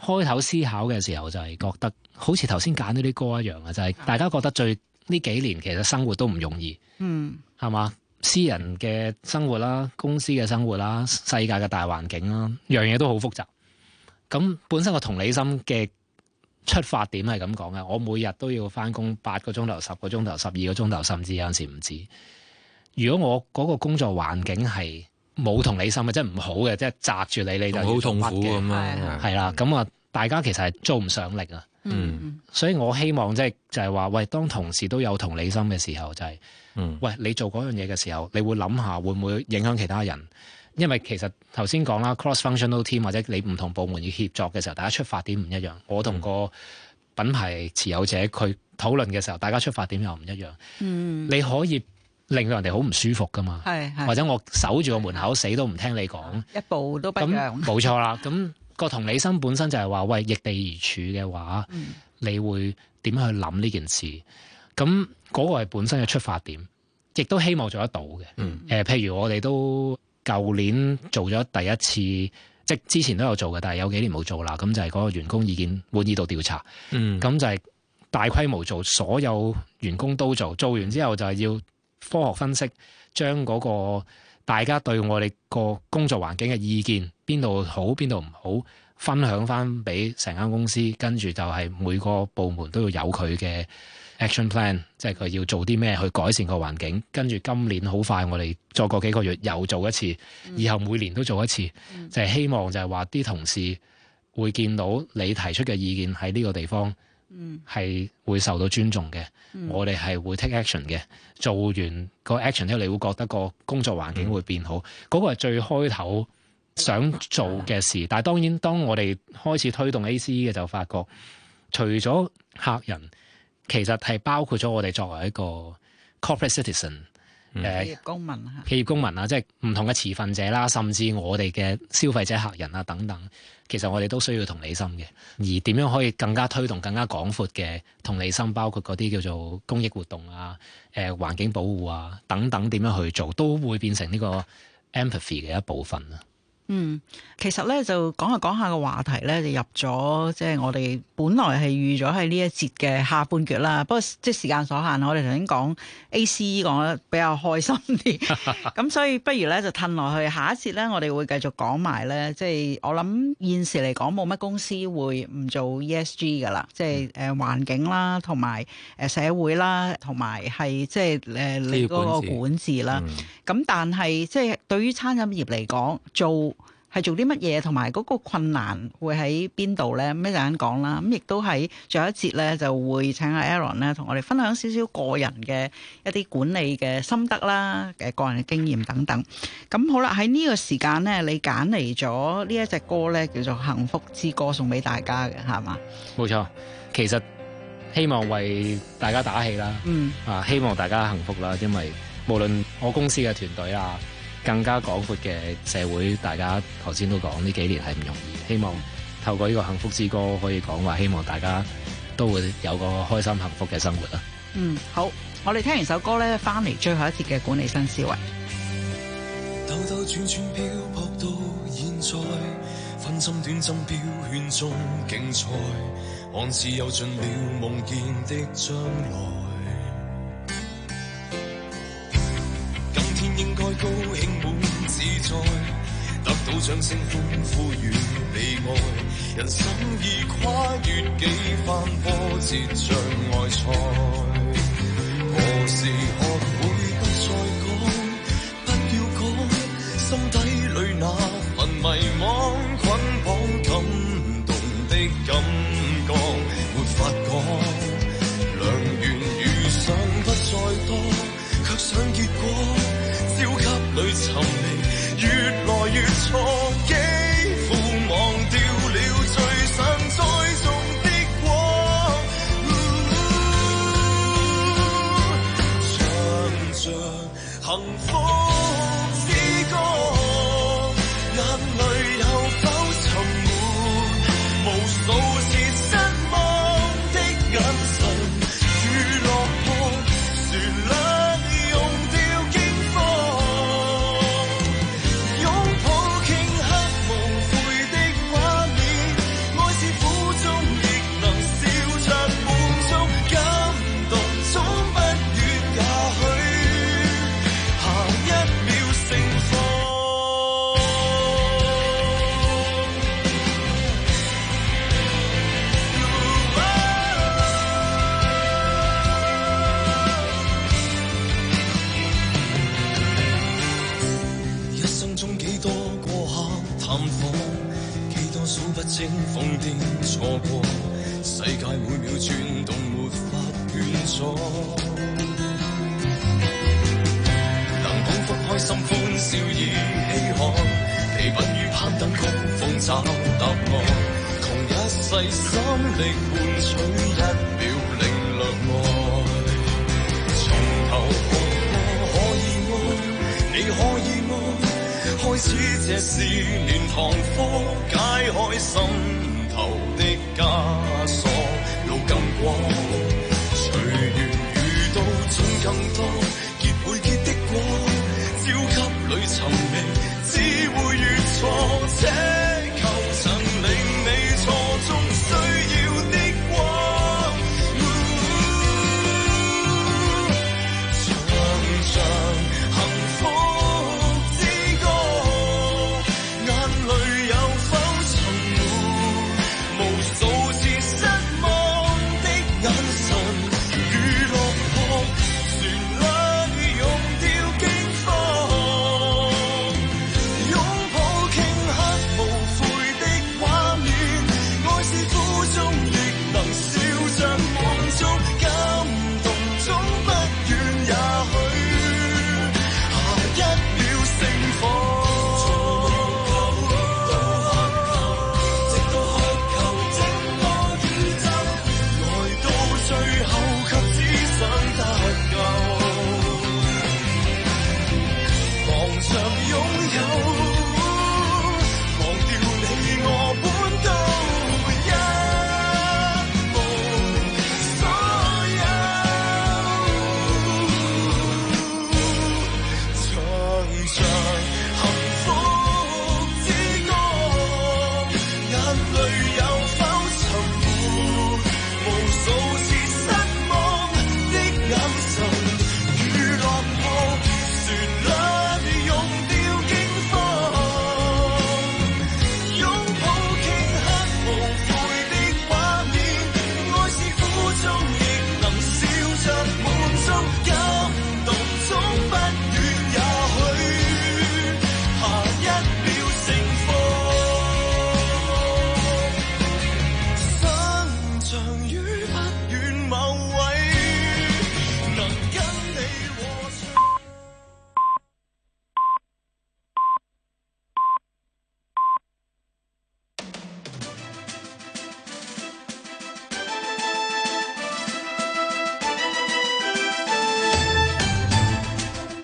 開頭思考嘅時候就係覺得，好似頭先揀呢啲歌一樣啊，就係大家覺得最呢幾年其實生活都唔容易，嗯，係嘛，私人嘅生活啦，公司嘅生活啦，世界嘅大環境啦，樣嘢都好複雜。咁本身個同理心嘅出發點係咁講嘅，我每日都要翻工八個鐘頭、十個鐘頭、十二個鐘頭，甚至有陣時唔止。如果我嗰個工作環境係，冇同理心嘅，即係唔好嘅，即係砸住你，你就好痛苦咁啦。係啦，咁、嗯、啊，大家其實係做唔上力啊。嗯，所以我希望即係就係話，喂，當同事都有同理心嘅時候，就係、是，嗯、喂，你做嗰樣嘢嘅時候，你會諗下會唔會影響其他人？因為其實頭先講啦，cross functional team 或者你唔同部門要協作嘅時候，大家出發點唔一樣。我同個品牌持有者佢討論嘅時候，大家出發點又唔一樣。嗯，你可以。令到人哋好唔舒服噶嘛？或者我守住個門口死都唔聽你講，一步都不讓。冇錯啦，咁個同理心本身就係話，喂，易地而處嘅話，嗯、你會點樣去諗呢件事？咁嗰個係本身嘅出發點，亦都希望做得到嘅。嗯，誒、呃，譬如我哋都舊年做咗第一次，即係之前都有做嘅，但係有幾年冇做啦。咁就係嗰個員工意見滿意度調查，嗯，咁就係大規模做，所有員工都做，做完之後就係要。科學分析，將嗰個大家對我哋個工作環境嘅意見，邊度好邊度唔好，分享翻俾成間公司，跟住就係每個部門都要有佢嘅 action plan，即係佢要做啲咩去改善個環境。跟住今年好快，我哋再過幾個月又做一次，以後每年都做一次，就係希望就係話啲同事會見到你提出嘅意見喺呢個地方。嗯，係會受到尊重嘅。 我哋係會 take action 嘅。做完個 action 之後你會覺得個工作環境會變好。 個係最開頭想做嘅事。 但係當然，當我哋開始推動 ACE 嘅，就發覺除咗客人，其實係包括咗我哋作為一個 corporate citizen。嗯、企業公民啊，企業公民啊，即係唔同嘅持份者啦，嗯、甚至我哋嘅消費者、客人啊等等，其實我哋都需要同理心嘅。而點樣可以更加推動、更加廣闊嘅同理心，包括嗰啲叫做公益活動啊、誒、呃、環境保護啊等等，點樣去做，都會變成呢個 empathy 嘅一部分啦。嗯，其實咧就講下講下個話題咧，就入咗即係我哋本來係預咗喺呢一節嘅下半段啦。不過即係時間所限，我哋頭先講。A C E 講得比較開心啲，咁 所以不如咧就褪落去，下一節咧我哋會繼續講埋咧，即係我諗現時嚟講冇乜公司會唔做 E S G 噶啦，即係誒環境啦，同埋誒社會啦，同埋係即係誒你嗰個管治啦。咁、嗯、但係即係對於餐飲業嚟講做。係做啲乜嘢，同埋嗰個困難會喺邊度咧？咁一陣間講啦。咁亦都喺最後一節咧，就會請阿 Aaron 咧同我哋分享少少個人嘅一啲管理嘅心得啦，嘅個人嘅經驗等等。咁好啦，喺呢個時間咧，你揀嚟咗呢一隻歌咧，叫做《幸福之歌》送俾大家嘅，係嘛？冇錯，其實希望為大家打氣啦。嗯，啊，希望大家幸福啦，因為無論我公司嘅團隊啊。更加廣闊嘅社會，大家頭先都講呢幾年係唔容易，希望透過呢個幸福之歌可以講話，希望大家都會有個開心幸福嘅生活啦。嗯，好，我哋聽完首歌咧，翻嚟最後一節嘅管理新思維。兜兜轉轉漂泊到現在，分針短針飄圈中競賽，往似遊盡了夢見的將來。得到掌聲、歡呼與被愛，人生已跨越幾番波折障礙賽。何時學會不再講？不要講心底裏那份迷惘捆綁感動的感覺，沒法講。良緣遇上不再多，却想結果，焦急裏尋。越來越錯。Yeah.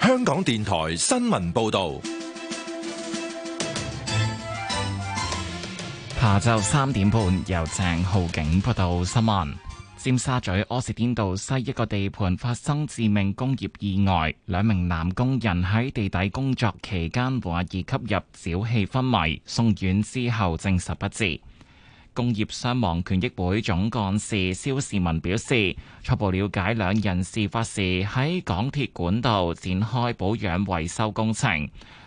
香港電台新聞報道，下晝三點半由鄭浩景報道新聞。尖沙咀柯士甸道西一個地盤發生致命工業意外，兩名男工人喺地底工作期間，懷疑吸入沼氣昏迷，送院之後證實不治。工業傷亡權益會總幹事蕭市文表示，初步了解兩人事發時喺港鐵管道展開保養維修工程。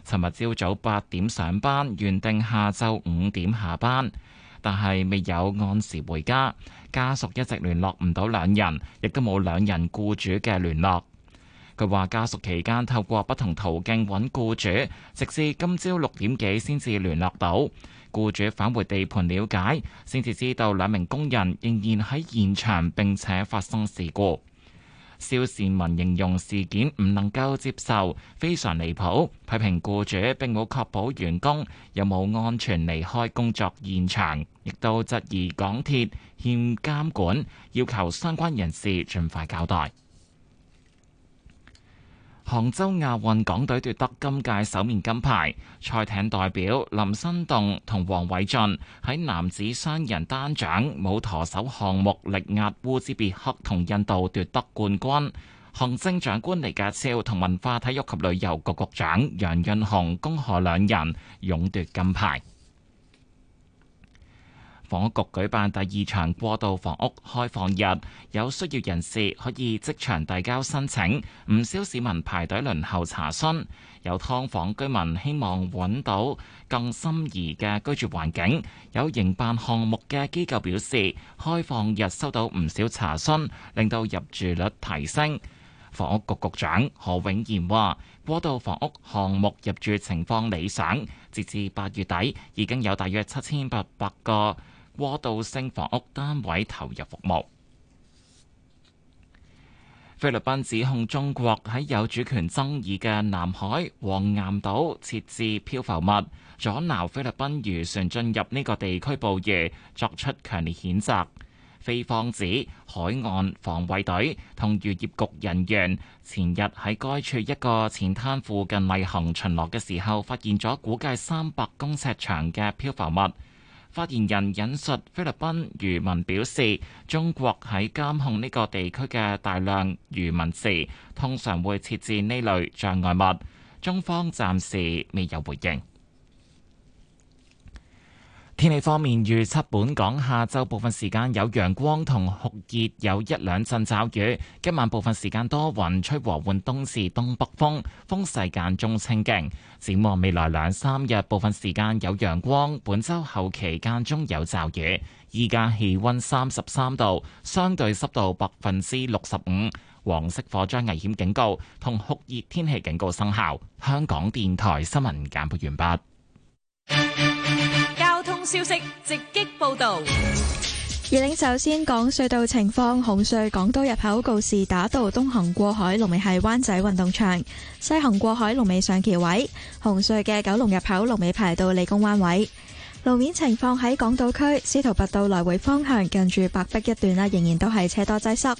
尋日朝早八點上班，原定下晝五點下班，但係未有按時回家，家屬一直聯絡唔到兩人，亦都冇兩人雇主嘅聯絡。佢話家屬期間透過不同途徑揾雇主，直至今朝六點幾先至聯絡到。雇主返回地盤了解，先至知道兩名工人仍然喺現場並且發生事故。肖善民形容事件唔能夠接受，非常離譜，批評雇主並冇確保員工有冇安全離開工作現場，亦都質疑港鐵欠監管，要求相關人士盡快交代。杭州亞運港隊奪得今屆首面金牌，賽艇代表林新棟同黃偉俊喺男子雙人單槳無舵手項目力壓烏茲別克同印度奪得冠軍，行政長官李家超同文化體育及旅遊局局，局長楊潤雄恭賀兩人勇奪金牌。房屋局舉辦第二場過渡房屋開放日，有需要人士可以即場遞交申請。唔少市民排隊輪候查詢，有劏房居民希望揾到更心儀嘅居住環境。有營辦項目嘅機構表示，開放日收到唔少查詢，令到入住率提升。房屋局局長何永賢話：過渡房屋項目入住情況理想，截至八月底已經有大約七千八百個過渡性房屋單位投入服務。菲律賓指控中國喺有主權爭議嘅南海黃岩島設置漂浮物，阻撓菲律賓漁船進入呢個地區捕魚，作出強烈譴責。菲方指海岸防衛隊同漁業局人員前日喺該處一個淺灘附近例行巡邏嘅時候，發現咗估計三百公尺長嘅漂浮物。發言人引述菲律賓漁民表示，中國喺監控呢個地區嘅大量漁民時，通常會設置呢類障礙物。中方暫時未有回應。天氣方面預測，本港下晝部分時間有陽光同酷熱，有一兩陣驟雨。今晚部分時間多雲，吹和緩東至東北風，風勢間中清勁。展望未來兩三日，部分時間有陽光。本週後期間中有驟雨。依家氣溫三十三度，相對濕度百分之六十五。黃色火災危險警告同酷熱天氣警告生效。香港電台新聞簡報完畢。消息直擊報道。而領首先講隧道情況，紅隧港島入口告士打道東行過海龍尾係灣仔運動場，西行過海龍尾上橋位。紅隧嘅九龍入口龍尾排到理工灣位。路面情況喺港島區，司徒拔道來回方向近住白北一段啦，仍然都係車多擠塞。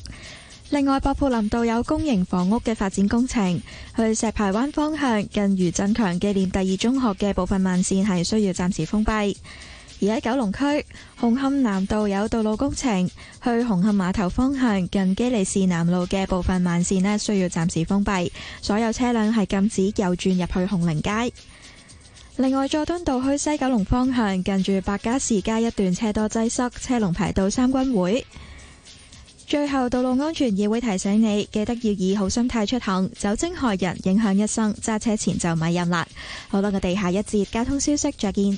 另外，薄扶林道有公營房屋嘅發展工程，去石排灣方向近余振強紀念第二中學嘅部分慢線係需要暫時封閉。而喺九龍區紅磡南道有道路工程，去紅磡碼頭方向近基利士南路嘅部分慢線呢需要暫時封閉，所有車輛係禁止右轉入去紅林街。另外，佐敦道去西九龍方向近住白加士街一段車多擠塞，車龍排到三軍會。最後，道路安全議會提醒你記得要以好心態出行，酒精害人影響一生，揸車前就咪飲啦。好啦，我哋下一節交通消息再見。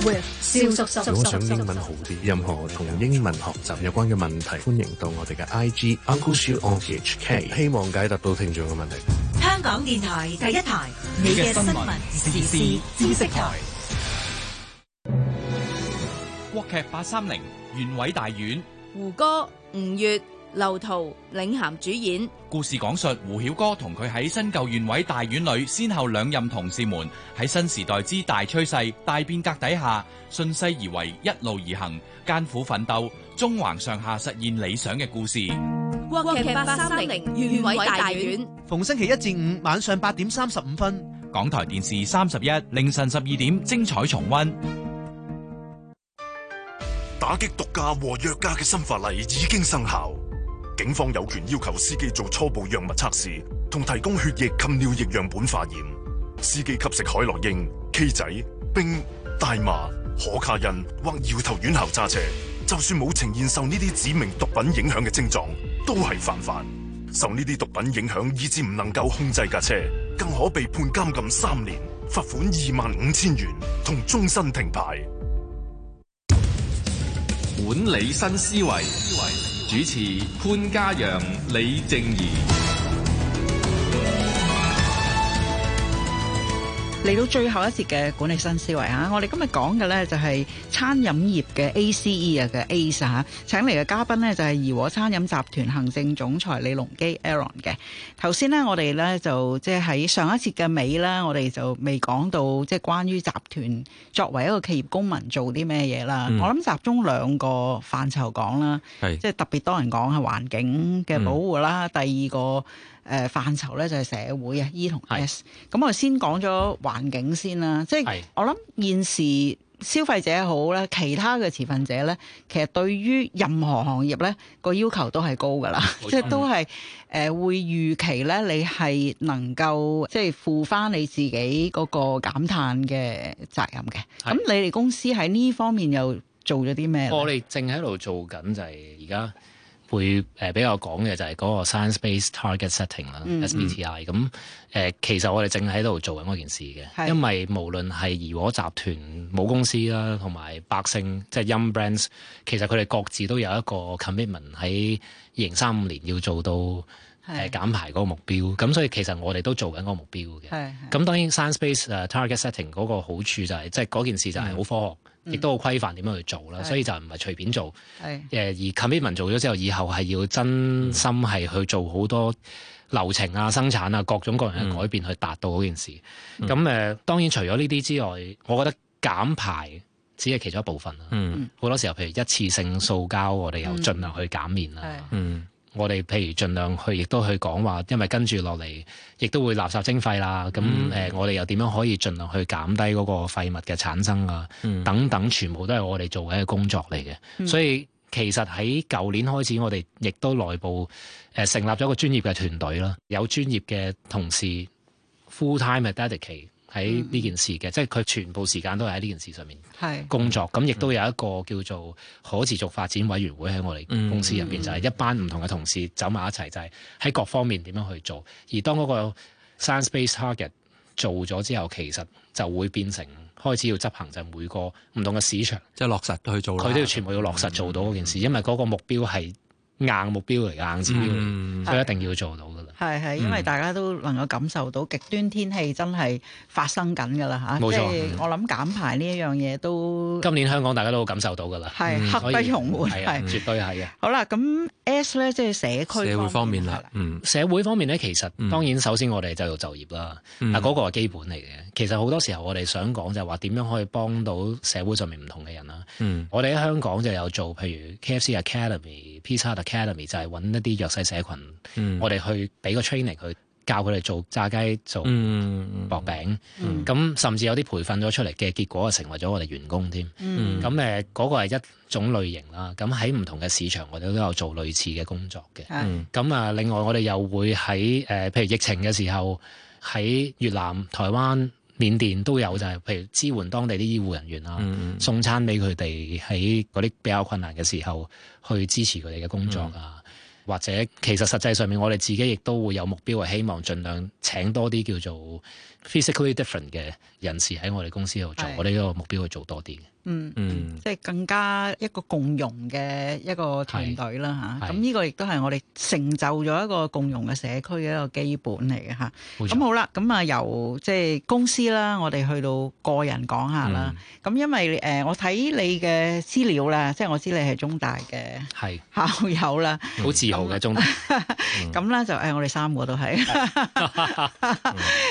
如果想英文好啲，素素任何同英文學習有關嘅問題，歡迎到我哋嘅 I G Uncle s Hugh e Uncle, H K，希望解答到聽眾嘅問題。香港電台第一台，你嘅新聞時事知識台。國劇八三零，原委大院。胡歌，吳越。劉濤、領銜主演，故事講述胡曉哥同佢喺新舊縣委大院裏先後兩任同事們喺新時代之大趨勢、大變革底下順勢而為，一路而行，艱苦奮鬥，中橫上下實現理想嘅故事。國劇八三零縣委大院，逢星期一至五晚上八點三十五分，港台電視三十一，凌晨十二點精彩重溫。打擊毒駕和藥駕嘅新法例已經生效。警方有權要求司機做初步藥物測試，同提供血液及尿液樣本化驗。司機吸食海洛因、K 仔、冰、大麻、可卡因或搖頭丸後揸車，就算冇呈現受呢啲指明毒品影響嘅症狀，都係犯法。受呢啲毒品影響，以致唔能夠控制架車，更可被判監禁三年，罰款二萬五千元，同終身停牌。管理新思維。思維主持潘嘉陽、李靜宜。嚟到最後一節嘅管理新思維啊！我哋今日講嘅呢就係餐飲業嘅 ACE 啊嘅 ACE，請嚟嘅嘉賓呢就係怡和餐飲集團行政總裁李龍基 Aaron 嘅。頭先呢，我哋呢就即係喺上一節嘅尾咧，我哋就未講到即係關於集團作為一個企業公民做啲咩嘢啦。嗯、我諗集中兩個範疇講啦，是即係特別多人講係環境嘅保護啦，嗯、第二個。誒範疇咧就係社會啊，E 同 S。咁是我先講咗環境先啦。是即係我諗現時消費者好咧，其他嘅持份者咧，其實對於任何行業咧個要求都係高噶啦、 呃。即係都係誒會預期咧，你係能夠即係負翻你自己嗰個減碳嘅責任嘅。咁是你哋公司喺呢方面又做咗啲咩？我哋正喺度做緊就係而家。會誒比較講嘅就係嗰個 science-based target setting 啦，SBTi。咁誒、呃、其實我哋正喺度做緊嗰件事嘅，是因為無論係怡和集團母公司啦，同埋百勝即係、就是、Yum Brands，其實佢哋各自都有一個 commitment 喺二零三五年要做到誒、呃、減排嗰個目標。咁是所以其實我哋都做緊嗰個目標嘅。咁是當然 science-based target setting 嗰個好處就係即係嗰件事就係好科學。嗯亦都好規範點樣去做啦，所以就唔係隨便做。係的，誒而 commitment 做咗之後，以後係要真心係去做好多流程啊、生產啊各種各樣嘅改變，去達到嗰件事。咁誒的、呃、當然除咗呢啲之外，我覺得減排只係其中一部分啦。好的多時候，譬如一次性塑膠，我哋又盡量去減免啦、啊。的嗯。我哋譬如盡量去，亦都去講話，因為跟住落嚟，亦都會垃圾徵費啦。咁誒、嗯，我哋又點樣可以盡量去減低嗰個廢物嘅產生啊？嗯、等等，全部都係我哋做嘅工作嚟嘅。嗯、所以其實喺舊年開始，我哋亦都內部誒、呃、成立咗一個專業嘅團隊啦，有專業嘅同事 full time 嘅 dedicate。喺呢件事嘅，即係佢全部時間都係喺呢件事上面係工作。咁亦是、嗯嗯、都有一個叫做可持續發展委員會，喺我哋公司入邊、嗯嗯、就係一班唔同嘅同事走埋一齊就係、是、喺各方面點樣去做。而當個 science based target 做咗之後，其實就會變成開始要執行，就每個唔同嘅市場，即係落實去做啦。佢都要全部要落實做到件事，因為嗰個目標係。嗯嗯嗯嗯硬目標嚟，硬目標，所以一定要做到噶啦。係係，因為大家都能夠感受到極端天氣真係發生緊噶啦吓，冇錯，我諗減排呢一樣嘢都今年香港大家都感受到噶啦。係刻不容緩，係絕對係嘅。好啦，咁 S 咧即係社區社會方面啦，社會方面咧，其實當然首先我哋就做就業啦，嗱，嗰個係基本嚟嘅。其實好多時候我哋想講就係話點樣可以幫到社會上面唔同嘅人啦。我哋喺香港就有做譬如 KFC Academy、Pizza。Academy 就係揾一啲弱勢社群、嗯，我哋去俾個 training 佢，教佢哋做炸雞做薄餅，咁、嗯嗯、甚至有啲培訓咗出嚟，嘅結果就成為咗我哋員工添，咁誒嗰個係一種類型啦。咁喺唔同嘅市場我哋都有做類似嘅工作嘅。咁啊、嗯嗯，另外我哋又會喺誒、呃，譬如疫情嘅時候喺越南、台灣。緬甸都有就係、是，譬如支援當地啲醫護人員啊，嗯、送餐俾佢哋喺嗰啲比較困難嘅時候去支持佢哋嘅工作啊，嗯、或者其實實際上面我哋自己亦都會有目標，係希望儘量請多啲叫做 physically different 嘅人士喺我哋公司度做，我哋呢個目標去做多啲嘅。嗯，嗯，即係更加一個共融嘅一個團隊啦，吓。咁呢個亦都係我哋成就咗一個共融嘅社區嘅一個基本嚟嘅吓。冇錯。咁好啦，咁啊由即係公司啦，我哋去到個人講下啦。咁因為誒，我睇你嘅資料啦，即係我知你係中大嘅校友啦，好自豪嘅中大。咁咧就誒，我哋三個都係。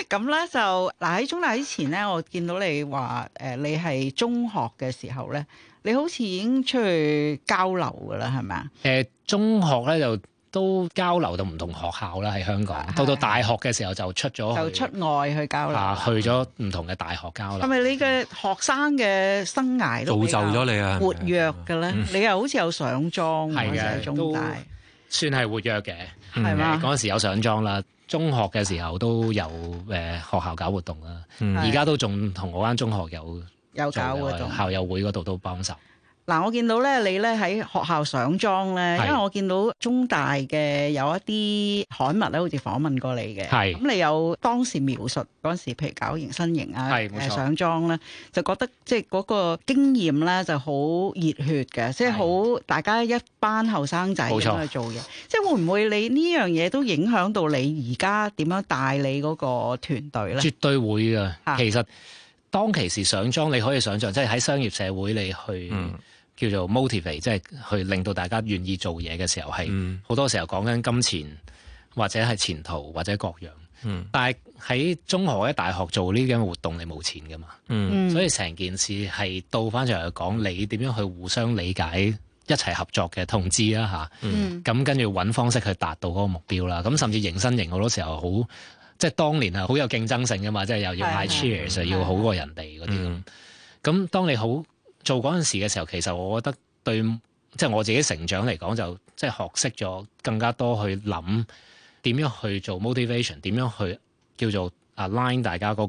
咁咧就。就嗱喺中大之前咧，我見到你話，誒，你係中學嘅時候咧，你好似已經出去交流噶啦，係咪啊？誒、呃、中學咧就都交流到唔同學校啦，喺香港。到的到大學嘅時候就出咗就出外去交流。嚇、啊，去咗唔同嘅大學交流。係咪你嘅學生嘅生涯都造就咗你啊？活躍嘅咧，你又好似有上莊，係啊 的，中大算係活躍嘅，係嘛、嗯？嗰陣嗎時有上莊啦。中學嘅時候都有誒、呃、學校搞活動啦，而家、嗯、都仲同我間中學有有搞嗰度校友會，嗰度都幫手。嗱，我見到咧，你咧喺學校上莊咧，因為我見到中大嘅有一啲刊物咧，好似訪問過你嘅，咁是你有當時描述嗰時，譬如搞型新型啊，誒上莊咧，就覺得即係嗰個經驗咧就好熱血嘅，即係好大家一班後生仔咁去做嘢，錯即係會唔會你呢樣嘢都影響到你而家點樣帶你嗰個團隊咧？絕對會嘅。啊、其實當其時上莊你可以想象，即係喺商業社會你去、嗯。叫做 motivate，即係去令到大家願意做嘢嘅時候，係好多時候講緊金錢或者係前途或者各樣。嗯、但係喺中學喺大學做呢啲活動，你冇錢噶嘛？嗯、所以成件事係到翻上嚟講，你點樣去互相理解、一齊合作嘅通知啦吓。咁、啊嗯嗯、跟住揾方式去達到嗰個目標啦。咁甚至形身形好多時候好，即係當年係好有競爭性噶嘛，即係又要買 cheers，的、嗯、要好過人哋嗰啲咁。咁、嗯、當你好。做陣時嘅時候，其實我覺得對，即係我自己成長嚟講就即係學識咗更加多去諗點樣去做 motivation，點樣去叫做 align 大家個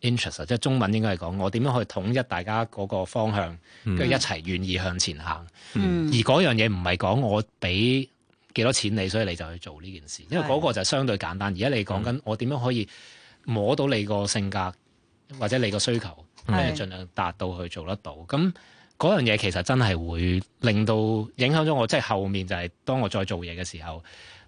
interest，即係中文應該係講我點樣去統一大家個方向，跟住一齊願意向前行。嗯、而樣嘢唔係講我俾幾多錢你，所以你就去做呢件事，因為個就相對簡單，而家你講緊、嗯、我點樣可以摸到你個性格或者你個需求。係，是盡量達到去做得到。咁嗰樣嘢其實真係會令到影響咗我，即係後面就係當我再做嘢嘅時候，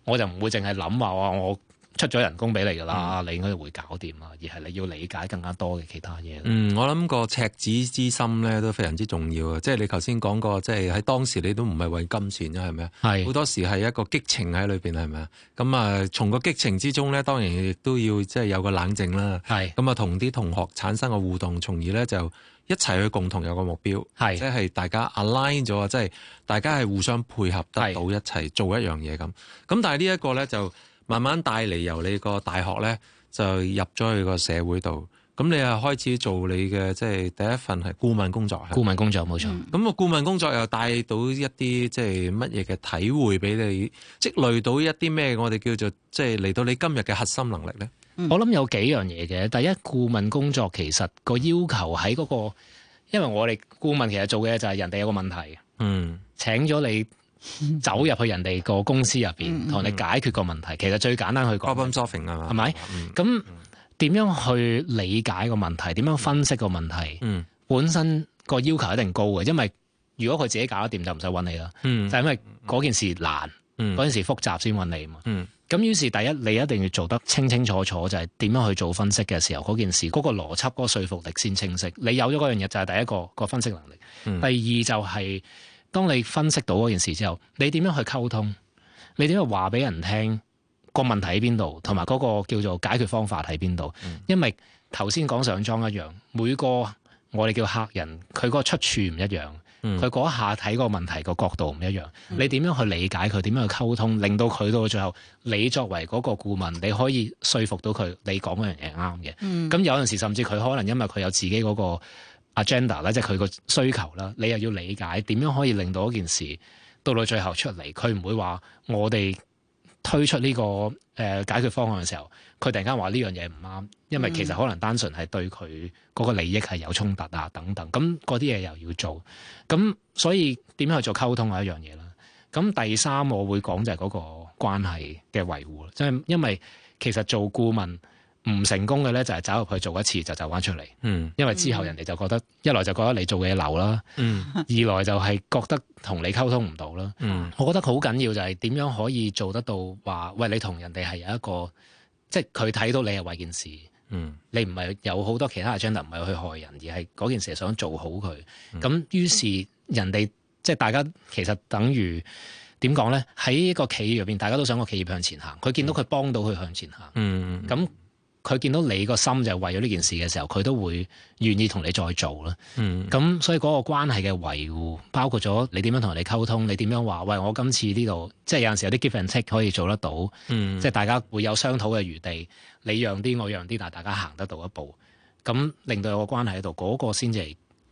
我就唔會淨係諗話我。出咗人工俾你噶啦，你應該會搞掂啊！而係你要理解更加多嘅其他嘢。嗯，我諗個赤子之心咧都非常之重要啊！即係你頭先講過，即係喺當時你都唔係為金錢啊，係咪啊？係。好多時係一個激情喺裏邊，係咪啊？咁啊，從個激情之中咧，當然亦都要即係有個冷靜啦。係。咁啊，同啲同學產生個互動，從而咧就一齊去共同有個目標。係。即係大家 align 咗，即係大家係互相配合得到，一齊做一樣嘢咁。咁但係呢一個咧就。慢慢帶嚟，由你個大學咧就入咗去個社會度，咁你又開始做你嘅即係第一份係顧問工作。顧問工作冇錯，咁個、嗯、顧問工作又帶到一啲即係乜嘢嘅體會俾你，積累到一啲咩？我哋叫做即係嚟到你今日嘅核心能力咧。嗯、我諗有幾樣嘢嘅，第一顧問工作其實個要求喺嗰個，因為我哋顧問其實做嘅就係人哋有個問題，嗯，請咗你。走入去人哋個公司入邊，同你解決個問題，其實最簡單去講，problem solving 啊嘛，係咪？咁點、嗯、樣去理解個問題？點樣分析個問題？嗯、本身個要求一定高嘅，因為如果佢自己搞得掂，嗯、就唔使揾你啦。就係因為嗰件事難，嗰、嗯、件事複雜，先揾你嘛。咁於、嗯、是，第一，你一定要做得清清楚楚，就係點樣去做分析嘅時候，嗰件事，嗰、嗰個邏輯，嗰、嗰個說服力先清晰。你有咗嗰樣嘢，就係、是、第一個、那個分析能力。第二就係、是。當你分析到嗰件事之後，你點樣去溝通？你點樣話俾人聽個問題喺邊度，同埋嗰個叫做解決方法喺邊度？嗯、因為頭先講上莊一樣，每個我哋叫客人，佢嗰個出處唔一樣，佢嗰、嗯、下睇個問題個角度唔一樣。嗯、你點樣去理解佢？點樣去溝通，令到佢到最後，你作為嗰個顧問，你可以說服到佢，你講嗰樣嘢啱嘅。咁、嗯、有陣時，甚至佢可能因為佢有自己嗰、嗰個 agenda 咧，即係佢個需求啦，你又要理解點樣可以令到一件事到到最後出嚟，佢唔會話我哋推出呢個誒解決方案嘅時候，佢突然間話呢樣嘢唔啱，因為其實可能單純係對佢嗰個利益係有衝突啊等等，咁嗰啲嘢又要做，咁所以點樣去做溝通係一樣嘢啦。咁第三我會講就係嗰個關係嘅維護啦，即係因為其實做顧問。唔成功嘅咧，就係走入去做一次就走翻出嚟。嗯，因為之後人哋就覺得，嗯、一來就覺得你做嘅嘢流啦，嗯， 二來就係覺得同你溝通唔到啦。嗯，我覺得好緊要就係點樣可以做得到？話喂，你同人哋係有一個，即係佢睇到你係為件事。嗯，你唔係有好多其他嘅障礙，唔係去害人，而係嗰件事想做好佢。咁、嗯、於是人哋即係大家其實等於點講咧？喺一個企業入邊，大家都想個企業向前行。佢見到佢幫到佢向前行。嗯，咁、嗯。嗯嗯。佢見到你個心就係為咗呢件事嘅時候，佢都會願意同你再做啦。嗯，咁所以嗰個關係嘅維護，包括咗你點樣同人哋溝通，你點樣話，喂，我今次呢度，即係有陣時有啲 give and take 可以做得到。嗯，即係大家會有商討嘅餘地，你讓啲我讓啲，但係大家行得到一步，咁令到有個關係喺度，嗰個先至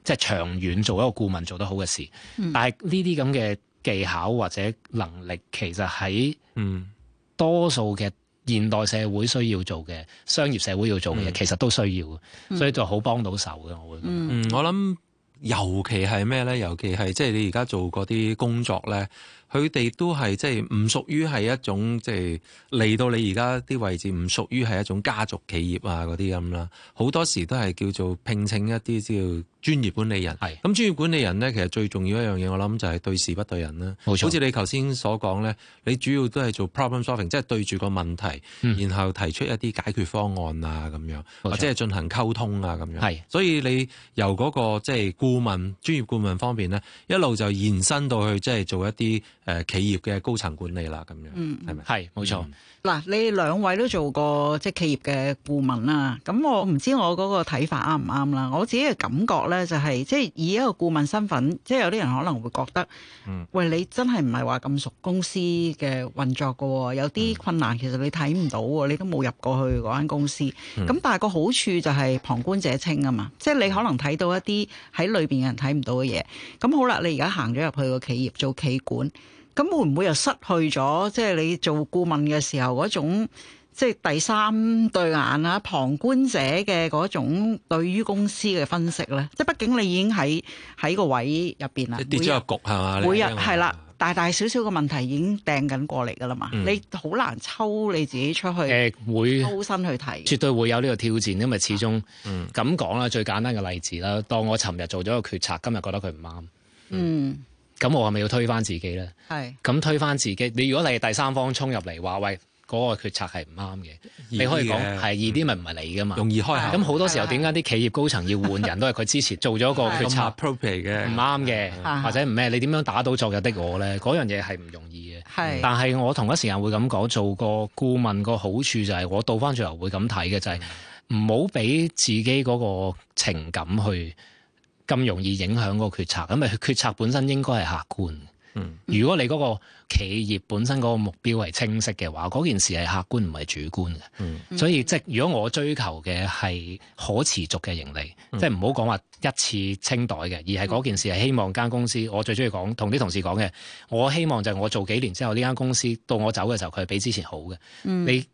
即係長遠做一個顧問做得好嘅事。嗯，但係呢啲咁嘅技巧或者能力，其實喺嗯多數嘅。現代社會需要做嘅商業社會要做嘅嘢，其實都需要，嗯、所以就好幫到手嘅。我會，嗯，我諗尤其係咩咧？尤其係即係你而家做嗰啲工作咧，佢哋都係即係唔屬於係一種即係嚟到你而家啲位置，唔屬於係一種家族企業啊嗰啲咁啦。好多時都係叫做聘請一啲叫專業管理人係咁，專業管理人咧，其實最重要一樣嘢，我諗就係對事不對人啦。冇錯，好似你頭先所講咧，你主要都係做 problem solving，即係對住個問題，嗯、然後提出一啲解決方案啊咁樣，錯或者係進行溝通啊咁樣。係是，所以你由嗰、那個即係、就是、顧問、專業顧問方面咧，一路就延伸到去即係、就是、做一啲誒企業嘅高層管理啦咁樣，係咪、嗯？係嗎，冇錯。嗯嗱，你兩位都做過即係企業嘅顧問啦、啊，咁、嗯、我唔知我嗰個睇法啱唔啱啦。我自己嘅感覺咧就係、是，即係以一個顧問身份，即係有啲人可能會覺得，嗯，喂，你真係唔係話咁熟公司嘅運作噶，有啲困難，其實你睇唔到，你都冇入過去嗰間公司。咁但係個好處就係旁觀者清啊嘛，即係你可能睇到一啲喺裏邊嘅人睇唔到嘅嘢。咁好啦，你而家行咗入去個企業做企管。咁會唔會又失去咗？即係你做顧問嘅時候嗰種，即係第三對眼啊，旁觀者嘅嗰種對於公司嘅分析咧。即係畢竟你已經喺喺個位入邊啦，你跌咗入局係嘛？每日係啦日，大大小小嘅問題已經掟緊過嚟噶啦嘛。嗯、你好難抽你自己出去，抽、嗯、身去睇，絕對會有呢個挑戰。因為始終咁講啦，最簡單嘅例子啦，當我尋日做咗個決策，今日覺得佢唔啱，嗯。嗯咁我係咪要推翻自己咧？係咁是推翻自己。你如果你係第三方衝入嚟話，喂，嗰、那個決策係唔啱嘅。你可以講係易啲，咪唔係你㗎嘛。容易開口。咁好、嗯、多時候點解啲企業高層要換人都係佢之前做咗個決策嘅唔啱嘅，或者唔咩？你點樣打倒昨日的我咧？嗰 樣嘢係唔容易嘅。係的。但係我同一時間會咁講，做個顧問個好處就係、是、我倒翻最後會咁睇嘅，就係唔好俾自己嗰個情感情去。咁容易影響嗰個決策，咁咪決策本身應該係客觀嘅。嗯，如果你嗰個企業本身嗰個目標係清晰嘅話，嗰件事係客觀唔係主觀嘅。嗯，所以、嗯、即如果我追求嘅係可持續嘅盈利，即係唔好講話一次清袋嘅，而係嗰件事係希望間公司，我最中意講同啲同事講嘅，我希望就係我做幾年之後呢間公司到我走嘅時候，佢係比之前好嘅。嗯、你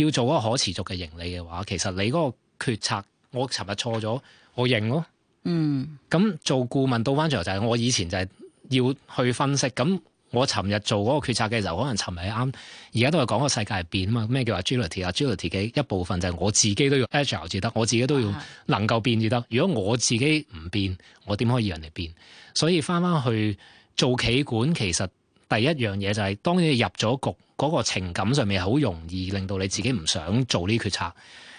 要做嗰個可持續嘅盈利嘅話，其實你嗰個決策，我尋日錯咗，我認咯。嗯，咁做顧問倒翻轉頭就係我以前就係要去分析，咁我尋日做嗰個決策嘅時候，可能尋日啱，而家都係講個世界係變啊嘛，咩叫話 agility 啊 agility 嘅一部分就係我自己都要 agile 至得，我自己都要能夠變至得。如果我自己唔變，我點可以人哋變？所以翻翻去做企管，其實第一樣嘢就係、是、當你入咗局嗰、那個情感上面好容易令到你自己唔想做呢啲決策。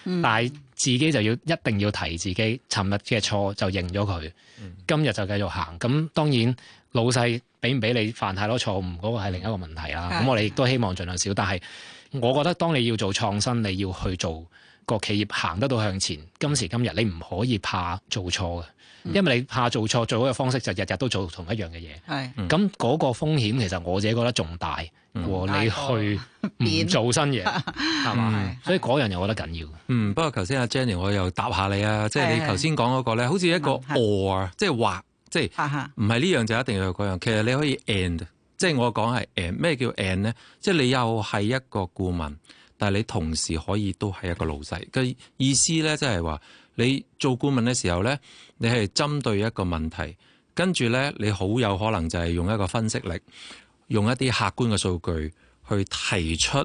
但係自己就要一定要提自己，尋日嘅錯就認咗佢，嗯、今日就繼續行。咁當然老細俾唔俾你犯太多錯誤，嗰個係另一個問題啦。咁、嗯、我哋亦都希望儘量少。但係我覺得當你要做創新，你要去做個企業行得到向前，今時今日你唔可以怕做錯嘅。因為你怕做錯，最好嘅方式就日日都做同一樣嘅嘢。係是，咁嗰個風險其實我自己覺得仲大過、嗯、你去唔做新嘢係嘛？ 嗯、 所以嗰樣又覺得緊要。嗯，不過頭先阿 Jenny 我又答下你啊，的即係你頭先講嗰個咧，好似一個 or 的即係或，即係唔係呢樣就一定要嗰樣。 其實你可以 and 即係我講係誒咩叫 and 咧？即係你又係一個顧問，但係你同時可以都係一個老細嘅意思咧，即係話。你做顧問嘅時候呢，你係針對一個問題，跟住呢，你好有可能就係用一個分析力，用一啲客觀嘅數據去提出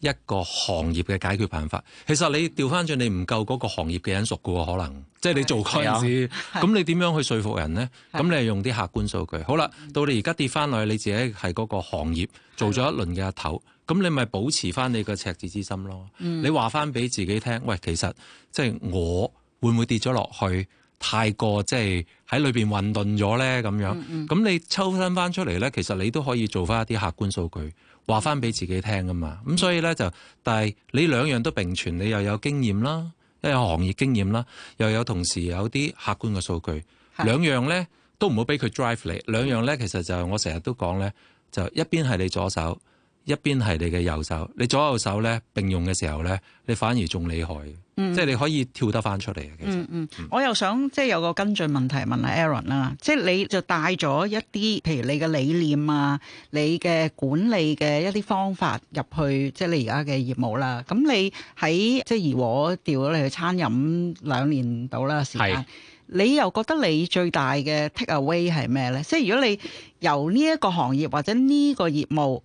一個行業嘅解決辦法。其實你調翻轉，你唔夠嗰個行業嘅人熟嘅喎，可能即係你做嗰陣時，咁你點樣去說服人呢？咁的你係用啲客觀數據。好啦，到你而家跌翻落去，你自己係嗰個行業做咗一輪嘅頭，咁的你咪保持翻你個赤字之心咯。嗯、你話翻俾自己聽，喂，其實即係、就是、我。會唔會跌咗落去？太過即係喺裏邊混濁咗呢？咁樣。咁、嗯嗯、你抽身翻出嚟呢，其實你都可以做翻一啲客觀數據，話翻俾自己聽噶嘛。咁、嗯、所以呢，就，但係你兩樣都並存，你又有經驗啦，又有行業經驗啦，又有同時有啲客觀嘅數據。兩的樣呢都唔好俾佢 drive 你。兩樣呢，其實就我成日都講呢，就一邊係你左手，一邊係你嘅右手。你左右手呢並用嘅時候呢，你反而仲厲害。嗯、即係你可以跳得翻出嚟嘅，嗯。嗯嗯，我又想即係有個跟進問題問下 Aaron 啦、嗯，即係你就帶咗一啲，譬如你嘅理念啊，你嘅管理嘅一啲方法入去，即係你而家嘅業務啦。咁你喺即係怡和調咗你去餐飲兩年到啦時間，是你又覺得你最大嘅 take away 係咩咧？即係如果你由呢一個行業或者呢個業務，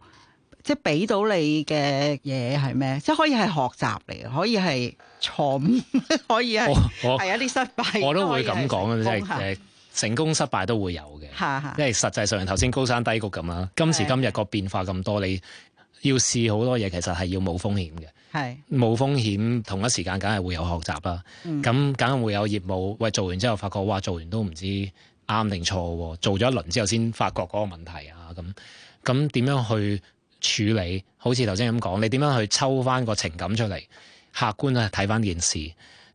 即係俾到你嘅嘢係咩？即係可以係學習嚟嘅，可以係。錯誤 可以係是係我一啲失敗，我，我都會咁講嘅，即係誒成功失敗都會有嘅。 因為實際上頭先高山低谷咁啦，今時今日個變化咁多，你要試好多嘢，其實係要冇風險嘅。係冇 風險，同一時間梗係會有學習啦。咁梗係會有業務，喂做完之後發覺哇，做完都唔知啱定錯，做咗一輪之後先發覺嗰個問題啊。咁咁點樣去處理？好似頭先咁講，你點樣去抽翻個情感出嚟？客觀咧睇翻件事，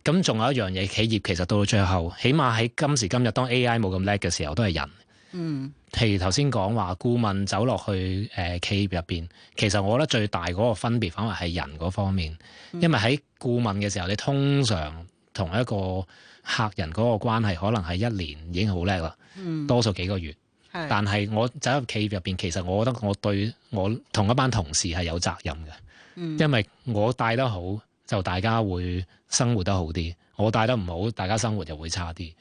咁仲有一樣嘢，企業其實到到最後，起碼喺今時今日，當 AI 冇咁叻嘅時候，都係人。嗯，譬如頭先講話顧問走落去誒、呃、企業入邊，其實我覺得最大嗰個分別，反而係人嗰方面，嗯、因為喺顧問嘅時候，你通常同一個客人嗰個關係，可能係一年已經好叻啦。嗯、多數幾個月。嗯、但係我走入企業入邊，其實我覺得我對我同一班同事係有責任嘅，嗯、因為我帶得好。就大家會生活得好啲，我帶得唔好，大家生活就會差啲。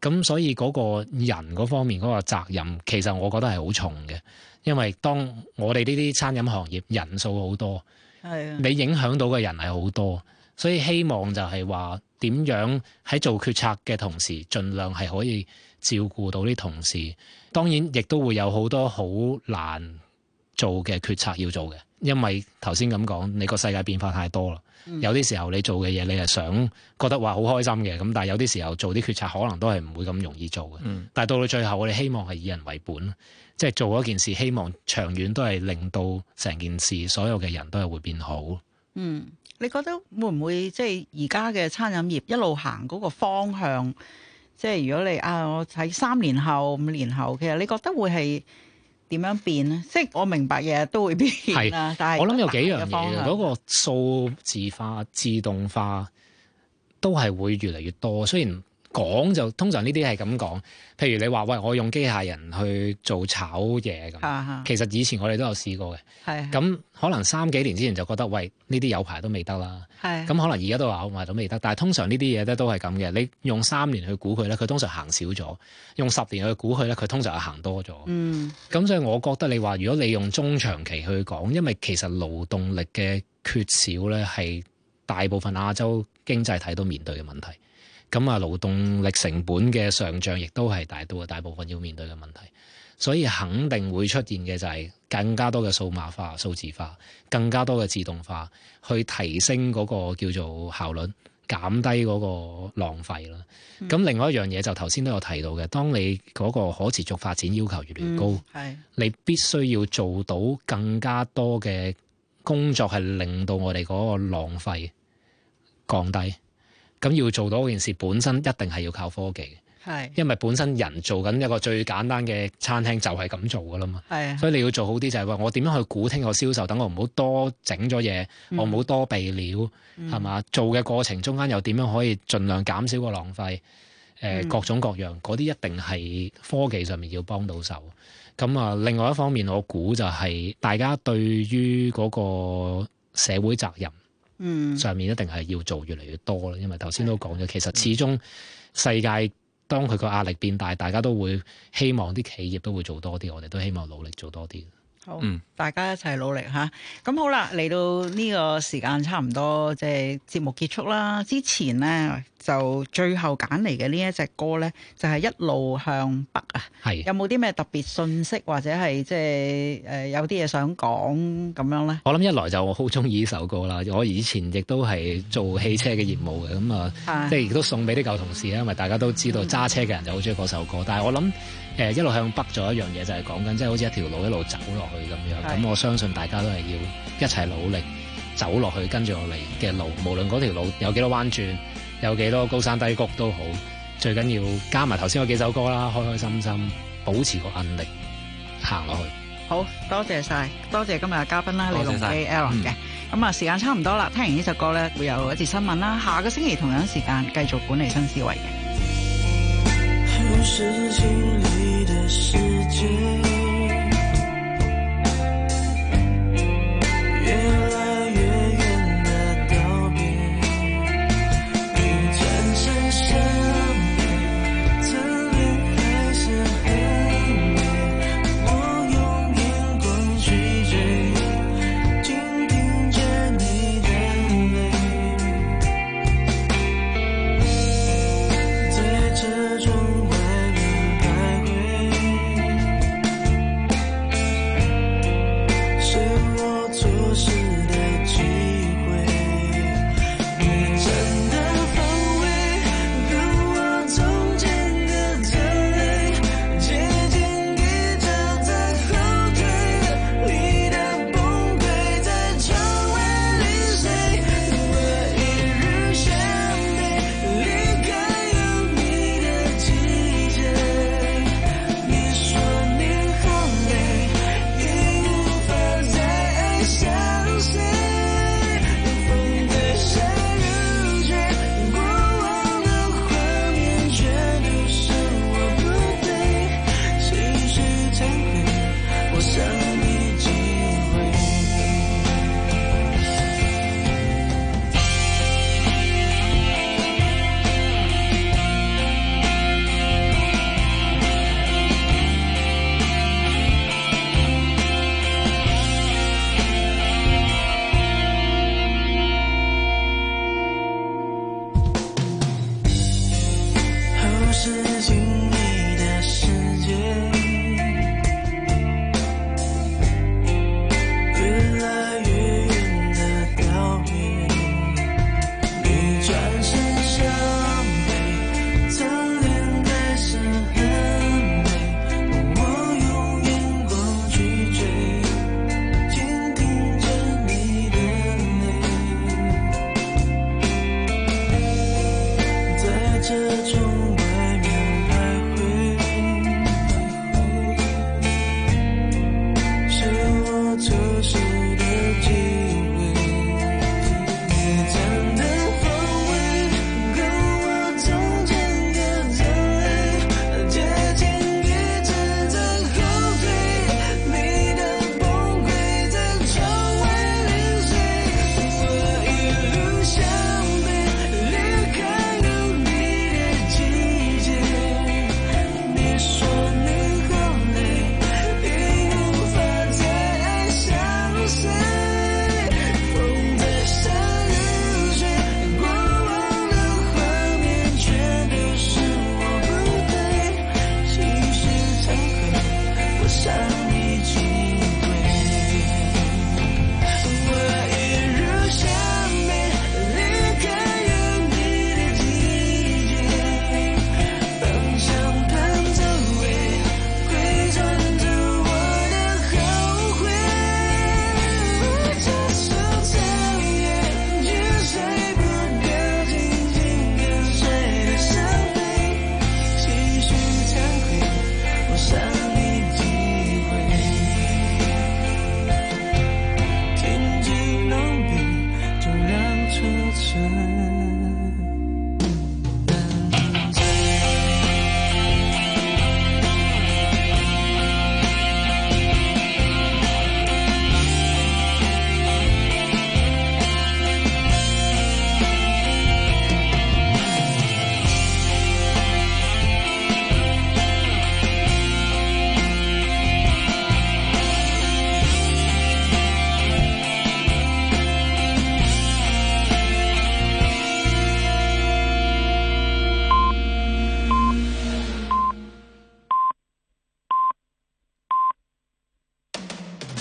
咁所以嗰個人嗰方面嗰個責任，其實我覺得係好重嘅，因為當我哋呢啲餐飲行業人數好多，係啊，你影響到嘅人係好多，所以希望就係話點樣喺做決策嘅同時，盡量係可以照顧到啲同事。當然亦都會有好多好難做嘅決策要做嘅，因為頭先咁講，你個世界變化太多啦。有啲時候你做嘅嘢，你係想覺得話好開心嘅，咁但係有啲時候做啲決策可能都係唔會咁容易做嘅。嗯，但係到到最後，我哋希望係以人為本，即係做嗰件事，希望長遠都係令到成件事所有嘅人都係會變好。嗯，你覺得會唔會即係而家嘅餐飲業一路行嗰個方向？即係如果你啊，我睇三年後、五年後，其實你覺得會係？點樣變咧？即係我明白嘢都會變啦，是但係是我諗有幾樣嘢，嗰個數字化、自動化都係會越嚟越多。雖然。講就通常呢啲係咁講，譬如你話喂，我用機械人去做炒嘢咁，uh huh. 其實以前我哋都有試過嘅。係咁、uh，huh. 可能三幾年之前就覺得喂，呢啲有排都未得啦。係咁、uh，huh. 可能而家都話好賣未得。但係通常呢啲嘢咧都係咁嘅。你用三年去估佢咧，佢通常行少咗；用十年去估佢咧，佢通常係行多咗。嗯、uh，咁、huh. 所以我覺得你話，如果你用中長期去講，因為其實勞動力嘅缺少咧，係大部分亞洲經濟體都面對嘅問題。咁啊，勞動力成本嘅上漲亦都係大到大部分要面對嘅問題，所以肯定會出現嘅就係更加多嘅數碼化、數字化，更加多嘅自動化，去提升嗰個叫做效率，減低嗰個浪費啦。咁、嗯、另外一樣嘢就頭先都有提到嘅，當你嗰個可持續發展要求越嚟越高，係、嗯、你必須要做到更加多嘅工作，係令到我哋嗰個浪費降低。咁要做到件事，本身一定係要靠科技嘅，的因為本身人做緊一個最簡單嘅餐廳就係咁做噶啦嘛，的所以你要做好啲就係、是、話我點樣去估聽個銷售，等我唔好多整咗嘢，嗯、我唔好多備料，係嘛、嗯？做嘅過程中間又點樣可以盡量減少個浪費誒、呃嗯、各種各樣嗰啲一定係科技上面要幫到手。咁啊，另外一方面，我估就係大家對於嗰個社會責任。嗯，上面一定係要做越嚟越多啦，因為頭先都講咗，其實始終世界當佢個壓力變大，大家都會希望啲企業都會做多啲，我哋都希望努力做多啲。好，大家一齊努力嚇。咁好啦，嚟到呢個時間差唔多，即係節目結束啦。之前呢，就最後揀嚟嘅呢一隻歌呢，就係、是、一路向北啊。係是有冇啲咩特別信息或者係即係誒有啲嘢想講咁樣呢？我諗一來就我好中意呢首歌啦。我以前亦都係做汽車嘅業務嘅，咁啊，的即係亦都送俾啲舊同事啊。因為大家都知道揸、嗯、車嘅人就好中意嗰首歌，但係我諗。誒一路向北做一樣嘢，就係講緊，即係好似一條路一路走落去咁樣。咁我相信大家都係要一齊努力走落去，跟住我嚟嘅路，無論嗰條路有幾多彎轉，有幾多高山低谷都好，最緊要加埋頭先嗰幾首歌啦，開開心心，保持個韌力行落去。好多謝晒，多謝今日嘅嘉賓啦，李龍基嘅。咁啊，時間差唔多啦，聽完呢首歌咧，會有一節新聞啦。下個星期同樣時間繼續管理新思維嘅。 世界。